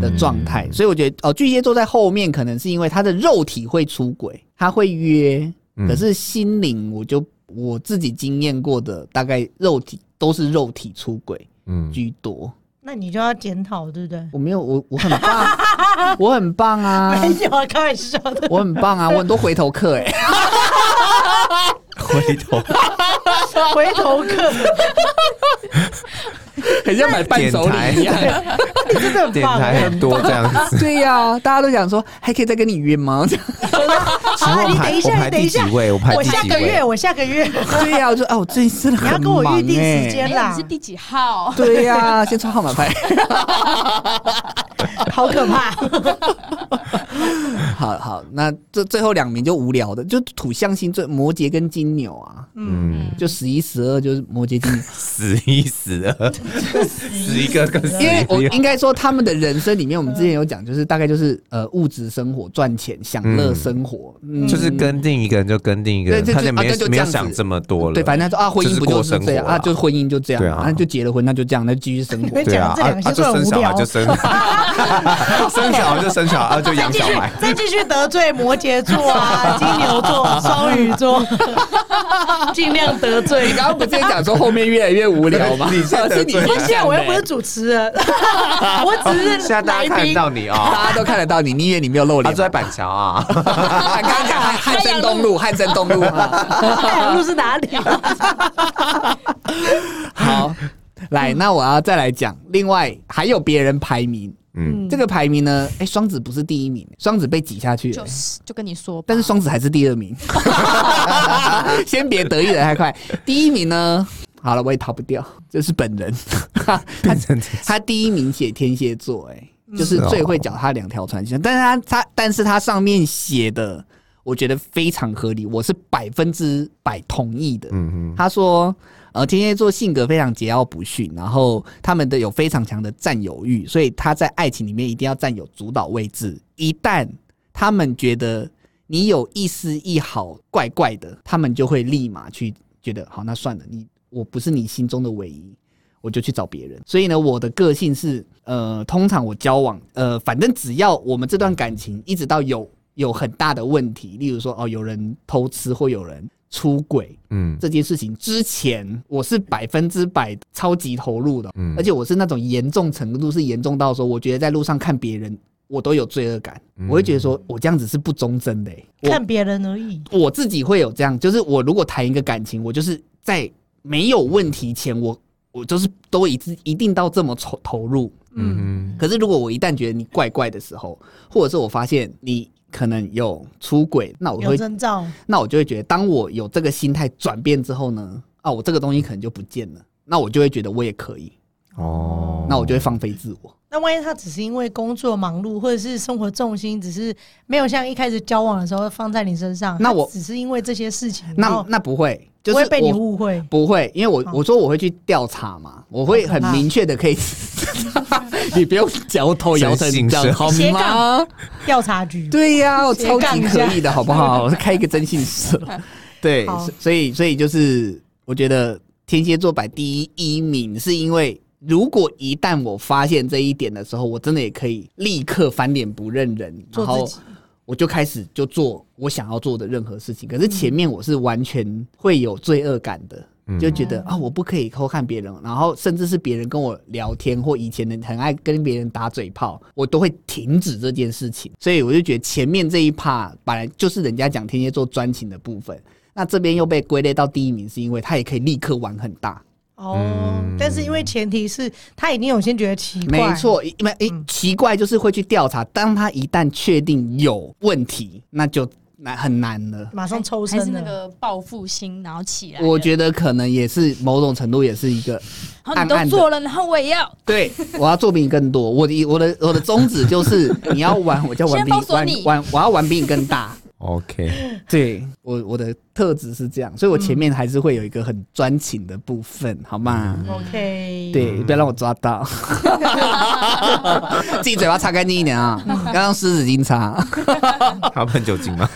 的狀態，嗯，所以我覺得，哦，呃，巨蟹座在後面可能是因為他的肉體會出軌，他會約，嗯，可是心靈，我就我自己經驗過的，大概肉體都是肉體出軌居多。那你就要檢討，對不對？我沒有，我我很棒， <laughs> 我很棒啊，沒有啊，開玩笑的，我很棒啊， <laughs> 我很多回頭客哎，欸。 <laughs> 回頭課， <laughs> 回頭客課， <laughs> 很像買伴手禮一樣，你真的很多，對呀、啊， <laughs> 大家都講說還可以再跟你約嗎？ <laughs> 好、啊，你等一下，我排第幾，下我，排第幾，我下個月，我下個月。 <laughs> 對呀、啊，我說啊，我最近真的很忙、欸，你要跟我預定時間啦，是第幾號？對呀、啊，先抽號碼牌。 <laughs> 好可怕。 <laughs> 好好，那這最後兩名就無聊的，就土象星座，摩羯跟金牛啊，嗯，就十一十二，就是摩羯金牛，十 <laughs> 一十死二，十 <laughs> 一個跟死一個，因為我應該說他們的人生裡面，我們之前有講，就是大概就是呃物質生活、賺錢、享樂生活、嗯嗯，就是跟定一個人就跟定一個人，他就，就、啊、沒有沒有想這麼多了，對，反正他說啊婚姻不就是這樣、就是、啊，啊，就婚姻就這樣，啊正、啊啊、就結了婚，那就這樣，那就繼續生活對、啊，對啊，啊，啊就生小孩就生小孩， <laughs> <laughs> 生小孩就生小孩， <laughs> 啊就養小孩。 <laughs> 繼續 <laughs> 繼續得罪摩羯座啊，金牛座、雙魚座，儘 <laughs> 量得罪。 <laughs> 你剛剛不是在講說後面越來越無聊嗎？ <laughs> 你是你，現在我又不是主持人，我只是。現在大家看得到你哦， <laughs> 大家都看得到你，你以為你沒有露臉？住在板橋啊？剛 <laughs> <laughs> 看講漢漢生東路，漢生東路啊？漢 <laughs> 生 <laughs> 路是哪裡、啊？ <laughs> 好， <laughs> 來，那我要再來講，另外還有別人排名。嗯、這個排名呢，哎、欸，雙子不是第一名，雙子被擠下去、欸，就是就跟你說吧，但是雙子還是第二名， <laughs> <laughs> <laughs> 先別得意得太快。第一名呢，好了，我也逃不掉，就是本人， <laughs> 他他第一名寫天蠍座、欸，哎、嗯，就是最會腳踏兩條船，哦、但是他他，但是他上面寫的，我覺得非常合理，我是百分之百同意的。嗯嗯，他說。而天蠍座性格非常桀驁不馴，然後他們的有非常強的佔有慾，所以他在愛情裡面一定要佔有主導位置。一旦他們覺得你有一絲一毫怪怪的，他們就會立馬去覺得，好，那算了，你，我不是你心中的唯一，我就去找別人。所以呢，我的個性是，呃，通常我交往，呃，反正只要我們這段感情一直到有有很大的問題，例如說，哦、呃，有人偷吃或有人。出軌，嗯，這件事情之前我是百分之百超級投入的，嗯，而且我是那種嚴重程度是嚴重到說，我覺得在路上看別人，我都有罪惡感，我會覺得說我這樣子是不忠貞的，看別人而已。我自己會有這樣，就是我如果談一個感情，我就是在沒有問題前，我我就是都一直一定到這麼投投入，嗯。可是如果我一旦覺得你怪怪的時候，或者是我發現你。可能有出軌，那我會有徵兆，那我就會覺得，當我有這個心態轉變之後呢，啊，我這個東西可能就不見了，那我就會覺得我也可以哦，那我就會放飛自我。那萬一他只是因為工作忙碌，或者是生活重心只是沒有像一開始交往的時候放在你身上，那我只是因為這些事情，那那，那不會。不會被你誤會，不會，因為我我說我會去調查嘛，我會很明確的可以，可 <laughs> 你不用嚼頭嚼的緊實好嗎？調查局，對呀、啊，我超級可以的好不好？我開一個徵信社 <laughs> <laughs> 對，所以所以就是我覺得天蠍座擺第一一名是因為，如果一旦我發現這一點的時候，我真的也可以立刻翻臉不認人，然後。我就開始就做我想要做的任何事情，可是前面我是完全會有罪惡感的、嗯，就覺得啊、哦、我不可以偷看別人，然後甚至是別人跟我聊天或以前的很愛跟別人打嘴炮，我都會停止這件事情。所以我就覺得前面這一趴本來就是人家講天蠍座專情的部分，那這邊又被歸類到第一名，是因為他也可以立刻玩很大。哦、嗯，但是因為前提是他已經有先覺得奇怪，沒錯，因為誒、欸嗯、奇怪就是會去調查。當他一旦確定有問題，那就難很難了，馬上抽身，是那個報復心然後起來。我覺得可能也是某種程度也是一個暗暗、哦，你都做了，然後我也要，對，我要做比你更多。我的我的我的宗旨就是 <laughs> 你要玩，我就玩，我先封鎖你。玩，玩，我要玩比你更大。 <laughs> OK，對，我我的特質是這樣，所以我前面還是會有一個很專情的部分，嗯、好嗎？OK，對，不要讓我抓到， <laughs> <laughs> <laughs> 自己嘴巴擦乾淨一點啊，要用濕紙巾擦，要噴酒精嗎？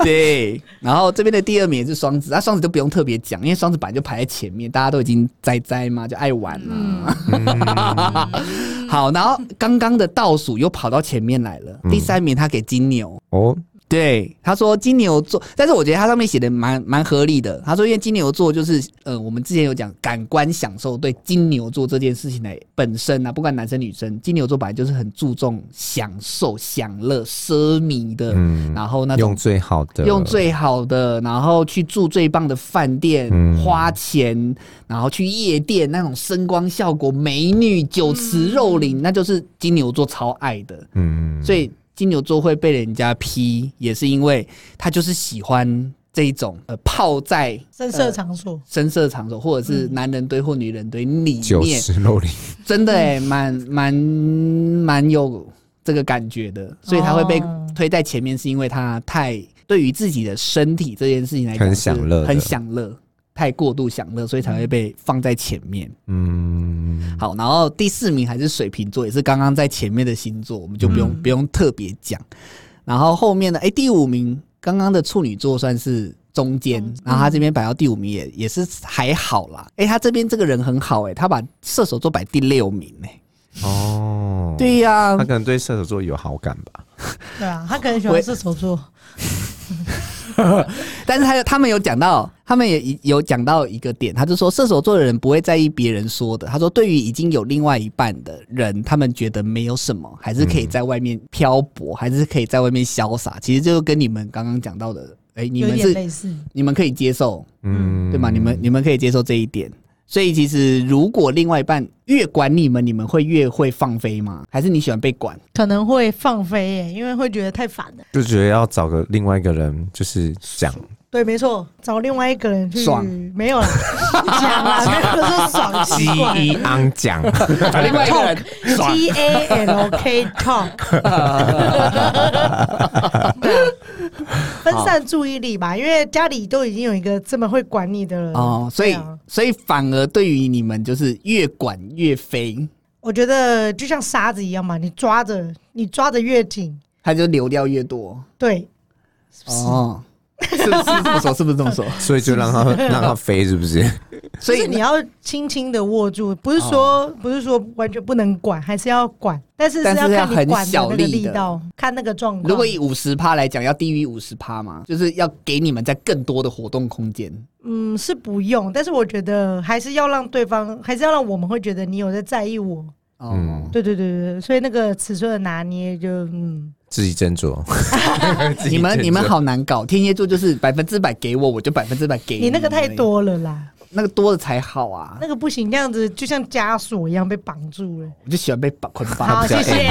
<laughs> 對，然後這邊的第二名也是雙子，啊，雙子就不用特別講，因為雙子本來就排在前面，大家都已經栽栽嘛，就愛玩了。嗯、 <laughs> 好，然後剛剛的倒數又跑到前面來了，嗯、第三名他給金牛哦。對，他說金牛座，但是我覺得他上面寫的蠻蠻合理的。他說，因為金牛座就是呃，我們之前有講感官享受，對金牛座這件事情的本身啊，不管男生女生，金牛座本來就是很注重享受、享樂、奢靡的。嗯。然後那種用最好的，用最好的，然後去住最棒的飯店，嗯，花錢，然後去夜店，那種聲光效果、美女、酒池肉林，嗯，那就是金牛座超愛的。嗯。所以。金牛座會被人家劈，也是因為他就是喜歡這一種呃泡在呃深色場所、深色場所，或者是男人堆或女人堆裡面，嗯、酒池肉林，真的誒蠻蠻蠻有這個感覺的。所以他會被推在前面，是因為他太對於自己的身體這件事情來講，很享樂，很享樂。太過度享樂，所以才會被放在前面。嗯，好，然後第四名還是水瓶座，也是剛剛在前面的星座，我們就不用、嗯、不用特別講。然後後面的哎、欸，第五名剛剛的處女座算是中間、嗯嗯，然後他這邊擺到第五名也也是還好啦。哎、欸，他這邊這個人很好哎、欸，他把射手座擺第六名呢、欸。哦，對呀、啊，他可能對射手座有好感吧？對啊，他可能喜歡射手座。 <laughs> 但是他有他們有講到，他們也有講到一個點，他就說射手座的人不會在意別人說的。他說，對於已經有另外一半的人，他們覺得沒有什麼，還是可以在外面漂泊，嗯、還是可以在外面瀟灑。其實就是跟你們剛剛講到的，哎、欸，你們是你們可以接受，嗯，對嗎？你們你們可以接受這一點。所以，其實如果另外一半越管你們，你們會越會放飛嗎？還是你喜歡被管？可能會放飛耶，因為會覺得太煩了，就覺得要找個另外一個人就是講。是對，沒錯，找另外一個人去。爽，沒有啦。講啊，沒有說是爽。G E N 講，另外一個人。T A L K talk。 <laughs> <laughs> 好 <laughs> 分散注意力吧，因為家裡都已經有一個這麼會管你的了哦，所以、啊、所以反而對於你們就是越管越飛，我覺得就像沙子一樣嘛，你抓着你抓着越緊，它就流掉越多。對，是不是哦。是不是這麼說，是不是這麼說？所以就讓他 <laughs> 讓他飛，是不是？所以、就是、你要輕輕的握住，不是說、哦、不是說完全不能管，還是要管，但是是要看的是很小力力道，看那個狀況。如果以五十趴來講，要低於五十趴嘛，就是要給你們再更多的活動空間。嗯，是不用，但是我覺得還是要讓對方，還是要讓我們會覺得你有在在意我。嗯、哦，對對對對，所以那個尺寸的拿捏就嗯。自己斟酌 <laughs> <laughs> 你們你們好難搞，天蠍座就是百分之百給我，我就百分之百給你。你那個太多了啦。那個多了才好啊！那個不行，那樣子就像枷鎖一樣被綁住了。我就喜歡被綁捆綁，好，謝謝。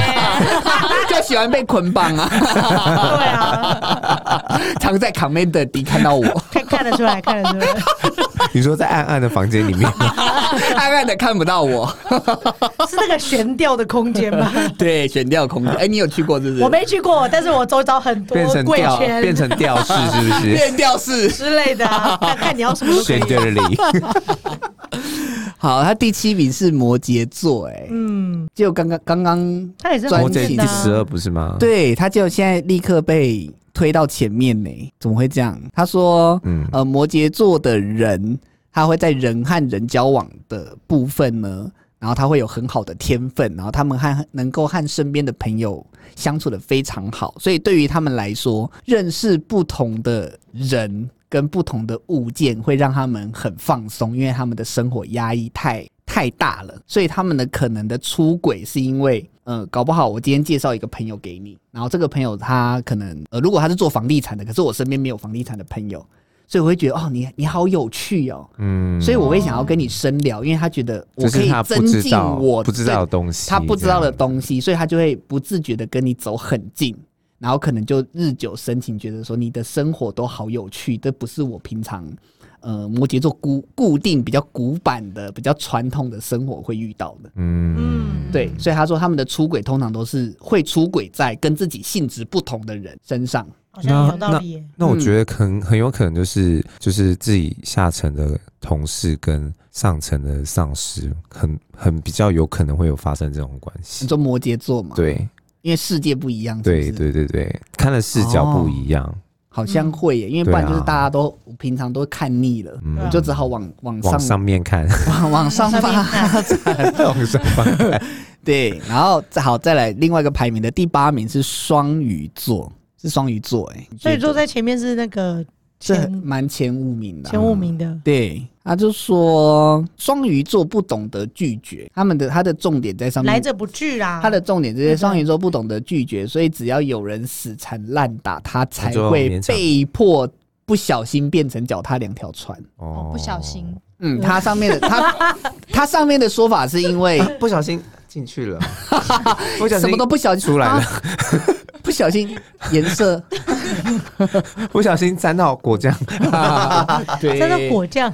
<laughs> 就喜歡被捆綁啊， <laughs> 對啊。常 <laughs> 在 commander 裡看到我，看看得出來，看得出來。 <laughs> 你說在暗暗的房間裡面， <laughs> <laughs> 暗暗的看不到我， <laughs> 是那個懸吊的空間嗎？ <laughs> 對，懸吊的空間。哎、欸，你有去過是不是？我沒去過，但是我周遭很多。貴圈變成吊飾是不是？ <laughs> 變成吊飾 <laughs> 之類的、啊，看，看你要什麼。懸 <laughs> 吊的裡。 <laughs> <laughs> 好，他第七名是摩羯座，哎，嗯，就剛剛剛剛，他也是摩羯第十二，不是嗎？對，他就現在立刻被推到前面呢，怎麼會這樣？他說，嗯，呃，摩羯座的人，他會在人和人交往的部分呢，然後他會有很好的天分，然後他們和能夠和身邊的朋友相處得非常好，所以對於他們來說，認識不同的人。跟不同的物件會讓他們很放鬆，因為他們的生活壓力太太大了，所以他們的可能的出軌是因為，呃，搞不好我今天介紹一個朋友給你，然後這個朋友他可能，呃，如果他是做房地產的，可是我身邊沒有房地產的朋友，所以我會覺得，哦，你你好有趣哦，嗯，所以我會想要跟你深聊，哦、因為他覺得我可以增進我的不知道，不知道的東西，他不知道的東西，所以他就會不自覺的跟你走很近。然後可能就日久生情，覺得說你的生活都好有趣，這不是我平常，呃，摩羯座固固定比較古板的，比較傳統的生活會遇到的。嗯，對，所以他說他們的出軌通常都是會出軌在跟自己性質不同的人身上。那那那，那那我覺得可能很有可能就是就是自己下層的同事跟上層的上司很，很很比較有可能會有發生這種關係。你說摩羯座嗎？對。因為世界不一樣是不是？對對對對，看的視角不一樣，哦，好像會耶。因為不然就是大家都、啊、平常都看膩了，嗯，我就只好往往上往上面看往，往往上發，再往上發。 <laughs> <laughs> 對，然後再好再來另外一個排名的第八名是雙魚座，是雙魚座，哎，所以坐在前面是那個前，這蠻前五名的，啊，前五名的，嗯，對。他就說雙魚座不懂得拒絕，他們的他的重點在上面，來者不拒啊。他的重點就是雙魚座不懂得拒絕，所以只要有人死纏爛打，他才會被迫不小心變成腳踏兩條船。哦，不小心。嗯，他上面的他他上面的說法是因為、 <laughs> 啊、不小心。進去了，我想什麼都不小心出來了，啊、不小心顏色，不小心沾到果醬，沾到果醬，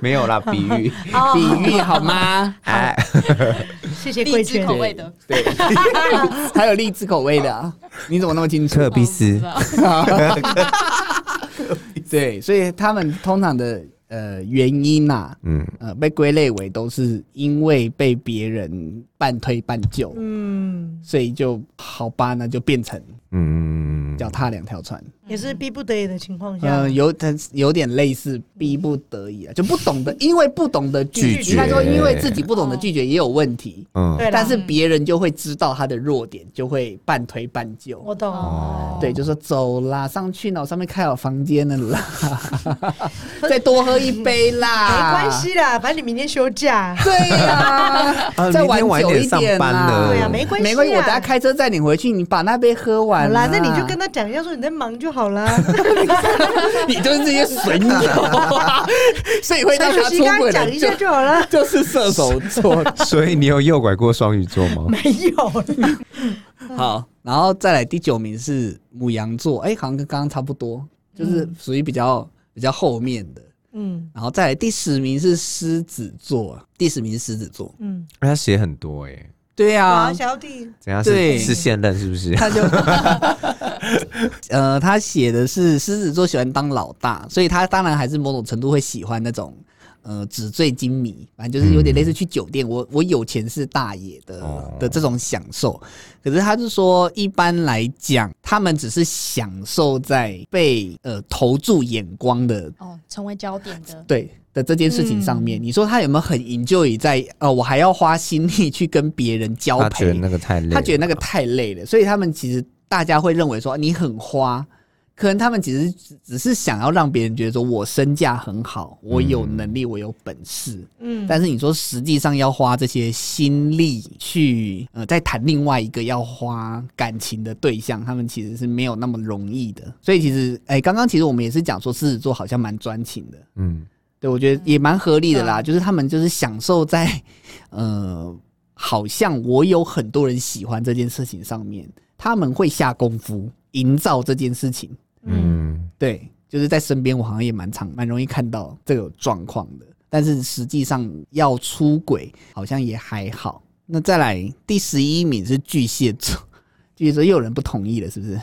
沒有啦，比喻，哦、比喻好嗎？哎、哦，謝謝荔枝，荔枝口味的對，對，還有荔枝口味的、啊，你怎麼那麼清楚？可比斯，哦、 <laughs> 對，所以他們通常的。呃，原因吶、啊，嗯，呃，被歸類為都是因為被別人半推半就，嗯，所以就好吧，那就變成。嗯，腳踏兩條船也是逼不得已的情況下。嗯，有，但有點類似逼不得已啊，就不懂得，因為不懂得拒絕，他說因為自己不懂得拒絕也有問題。嗯、欸，對、哦，但是別人就會知道他的弱點，就會半推半就。我懂、哦。對，就說走啦，上去我上面開好房間了啦， <laughs> 再多喝一杯啦， <laughs> 沒關係啦，反正你明天休假。 <laughs> 對啊，啊再久啦，明天晚晚一點上班了。對呀、啊，沒關係，沒關係，我等下開車載你回去，你把那杯喝完。.好了，那你就跟他講，要說你在忙就好了。 <laughs> 你就是這些損友、啊， <laughs> 所以會到他你跟他講一下就好了。 <laughs> 就是射手座，所以你有誘拐過雙魚座嗎？ <laughs> 沒有啦。 <laughs> 好，然後再來第九名是牡羊座，哎、欸，好像跟剛剛差不多，就是屬於比較比較後面的。嗯，然後再來第十名是獅子座，第十名獅子座。嗯，他寫很多哎、欸。對啊，小弟，對，是現任是不是？他就， <laughs> 呃，他寫的是獅子座喜歡當老大，所以他當然還是某種程度會喜歡那種，呃，紙醉金迷，反正就是有點類似去酒店。嗯、我我有錢是大爺的、哦、的這種享受，可是他是說一般來講，他們只是享受在被呃投注眼光的，哦，成為焦點的，對。的這件事情上面，嗯、你說他有沒有很 enjoy 在？呃，我還要花心力去跟別人交配，他覺得那個太累，他覺得那個太累了。所以他們其實大家會認為說你很花，可能他們其實只是想要讓別人覺得說我身價很好，我有能力、嗯，我有本事。嗯，但是你說實際上要花這些心力去呃再談另外一個要花感情的對象，他們其實是沒有那麼容易的。所以其實哎，剛、欸、剛其實我們也是講說獅子座好像蠻專情的，嗯。對，我覺得也蠻合理的啦，嗯，就是他們就是享受在，嗯，呃，好像我有很多人喜歡這件事情上面，他們會下功夫營造這件事情。嗯，對，就是在身邊，我好像也蠻常、蠻容易看到這個狀況的。但是實際上要出軌，好像也還好。那再來第十一名是巨蟹座。巨蟹座又有人不同意了，是不是？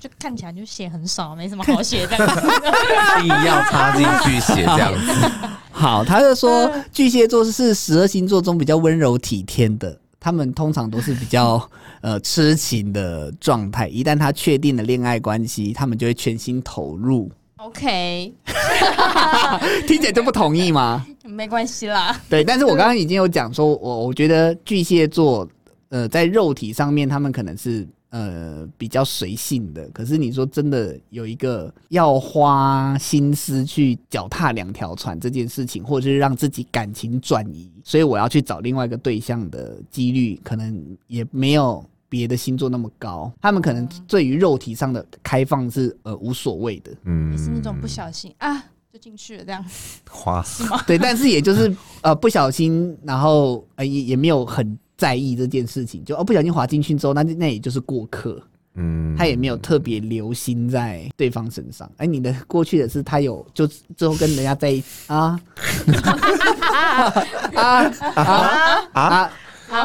就看起來就寫很少，沒什麼好寫這， <laughs> <laughs> 這樣子。一定要插進去寫這樣子。好，他就說巨蟹座是十二星座中比較溫柔體貼的，他們通常都是比較呃癡情的狀態。一旦他確定了戀愛關係，他們就會全心投入。OK， <laughs> <laughs> 聽起來就不同意嗎？ <laughs> 沒關係啦。對，但是我剛剛已經有講說，我我覺得巨蟹座。呃，在肉體上面，他們可能是呃比較隨性的。可是你說真的，有一個要花心思去腳踏兩條船這件事情，或者是讓自己感情轉移，所以我要去找另外一個對象的幾率，可能也沒有別的星座那麼高。他們可能對於肉體上的開放是呃無所謂的，嗯，是那種不小心啊就進去了這樣子，是嗎？對，但是也就是呃不小心，然後呃也也沒有很在意這件事情，就哦，不小心滑進去之後，那那也就是過客，嗯，嗯，他也沒有特別留心在對方身上。哎，你的過去的事，他有就最後 <laughs> 跟人家在一起啊， <laughs> <laughs> 啊？啊啊啊 <laughs> 啊！好 <laughs> 啊啊啊啊啊啊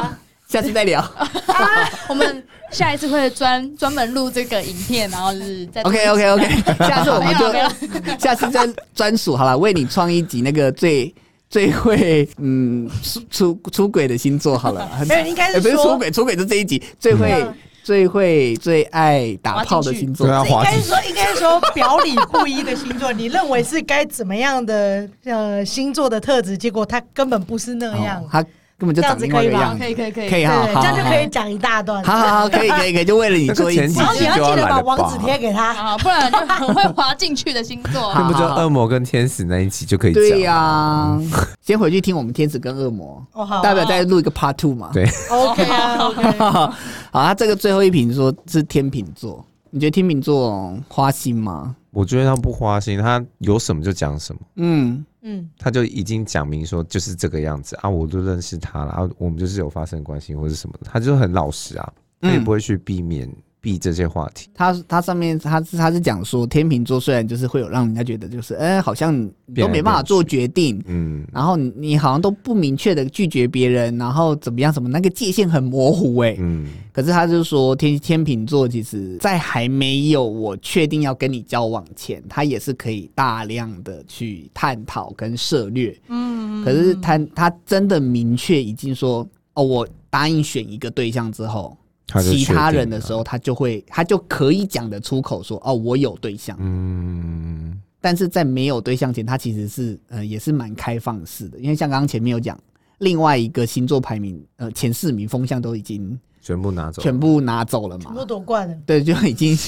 啊，下次再聊。 <laughs> <laughs> 我們下一次會專專門錄這個影片，然後是在裡面 OK OK OK。下次我們就， <laughs> 就了了下次專專屬好了，為你創一集那個最。最會嗯出出軌的星座好了，很沒有應該、欸、是出軌出軌是這一集最會、嗯、最會最愛打炮的星座，是應該是說應該是說表裡不一的星座， <laughs> 你認為是該怎麼樣的呃星座的特質？結果他根本不是那樣。哦，他根本就長得個樣，這樣可以，可以可以可以，可以哈這樣就可以講一大段對對對。好好好，可以可以可以，就為了你做一集好，你要記得把網址貼給他，不然他很會滑進去的星座。那不就惡魔跟天使在一起就可以講。對呀、啊嗯，先回去聽我們天使跟惡魔、哦好啊，代表再錄一個 part two 嘛。對，OK，,、啊、okay 好好啊，好他這個最後一瓶說是天秤座，你覺得天秤座花心嗎？我覺得他不花心，他有什麼就講什麼。嗯。嗯，他就已經講明說就是這個樣子啊，我都認識他了啊，我們就是有發生關係或是什麼，他就很老實啊，他也不會去避免。嗯避這些話題，他他上面他是他是講說天秤座雖然就是會有讓人家覺得就是哎、欸、好像都沒辦法做決定變了變了，嗯，然後你好像都不明確的拒絕別人，然後怎麼樣什麼那個界限很模糊哎、欸，嗯，可是他就說天天秤座其實在還沒有我確定要跟你交往前，他也是可以大量的去探討跟涉略，嗯，可是他他真的明確已經說哦，我答應選一個對象之後。他其他人的時候，他就會他就可以講得出口說哦，我有對象。嗯，但是在沒有對象前，他其實是呃也是蠻開放式的，因為像剛剛前面有講，另外一個星座排名呃前四名風向都已經全部拿走，全部拿走了嘛，全部奪冠了，對，就已經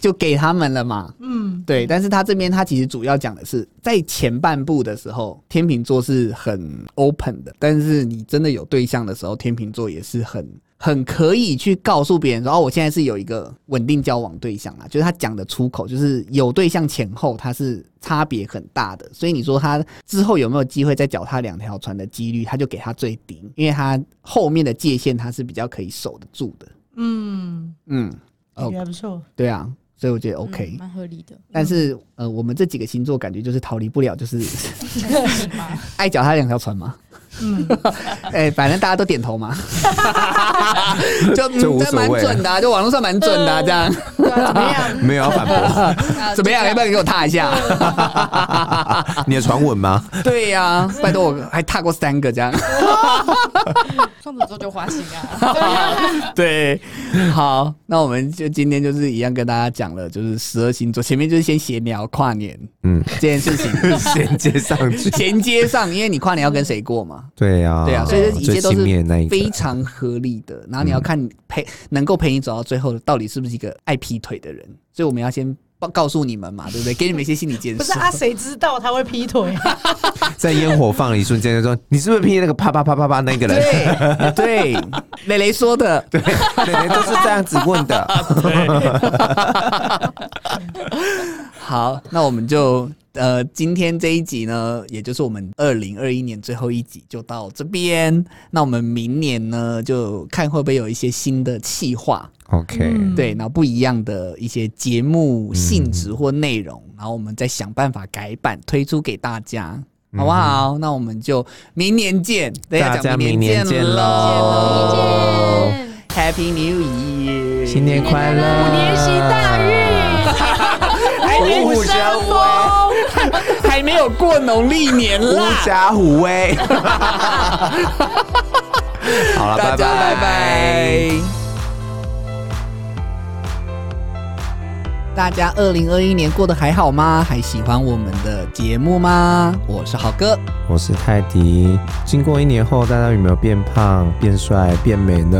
就給他們了嘛。嗯，對。但是他這邊他其實主要講的是在前半部的時候，天秤座是很 open 的，但是你真的有對象的時候，天秤座也是很。很可以去告訴別人說，哦，我現在是有一個穩定交往對象啦、啊，就是他講的出口，就是有對象前後他是差別很大的，所以你說他之後有沒有機會再腳踏兩條船的幾率，他就給他最低，因為他後面的界限他是比較可以守得住的。嗯嗯，哦，還不錯，對啊，所以我覺得 OK，蠻、嗯、合理的。但是呃，我們這幾個星座感覺就是逃離不了，就是 <laughs> <laughs> 愛腳踏兩條船嘛？嗯，哎、 <laughs> 欸，反正大家都點頭嘛， <laughs> 就就無所謂，蠻準的、啊，就網絡上蠻準的、啊嗯，這樣，樣、嗯，沒有要反駁，啊啊、怎麼樣？要、啊、不要給我踏一下？嗯、 <laughs> 你的船穩嗎？對呀、啊，拜托，我還踏過三個這樣，雙、 <laughs> 嗯嗯、子座就花心啊 <laughs> 。對，好，那我們就今天就是一樣跟大家講了，就是十二星座，前面就是先閒聊跨年，嗯，這件事情銜 <laughs> 接上去，銜接上，因為你跨年要跟誰過嘛？對呀、啊，對呀、啊，所以這一切都是非常合理的。的然後你要看陪能夠陪你走到最後的，到底是不是一個愛劈腿的人？嗯、所以我們要先告告訴你們嘛，對不對？給你們一些心理建設。 <laughs> 不是啊，誰知道他會劈腿、啊？ <laughs> 在煙火放了一瞬間，就說你是不是劈那個啪啪啪啪啪那個人？對對，蕾蕾說的，蕾 <laughs> 蕾都是這樣子問的。 <laughs> 對 <laughs> 好，那我們就。呃，今天這一集呢，也就是我們二零二一年最後一集，就到這邊。那我們明年呢，就看會不會有一些新的企劃，OK？對，那不一樣的一些節目性質或內容，嗯，然後我們再想辦法改版推出給大家，嗯，好不好，嗯？那我們就明年見，年見大家明年見嘍！Happy New Year，新年快樂，虎年行大運，虎虎生威。啊 <laughs> <laughs> <laughs> 還沒有過農曆年啦！狐假虎威。 <laughs> <laughs> <laughs> 好了，大家拜拜。 <laughs> 大家二零二一年過得還好嗎？還喜歡我們的節目嗎？我是豪哥，我是泰迪。經過一年後，大家有沒有變胖、變帥、變美呢？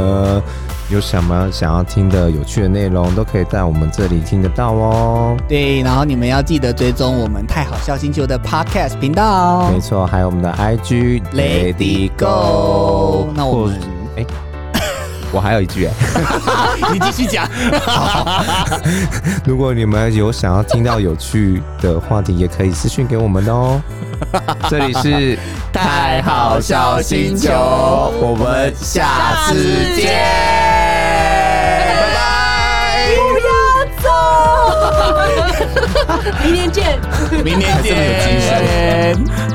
有什麼想要聽的有趣的內容，都可以在我們這裡聽得到哦。對，然後你們要記得追蹤我們泰豪笑星球的 podcast 頻道哦。沒錯，還有我們的 IG 雷迪 GO。那我們哎。我還有一句、欸， <laughs> 你繼續講 <laughs> 。如果你們有想要聽到有趣的話題，也可以私訊給我們哦、喔。 <laughs> 這裡是泰豪笑星球， <laughs> 我們下次，下次見，拜拜。不要走， <laughs> 明年見，還這麼有 <laughs> 明年見。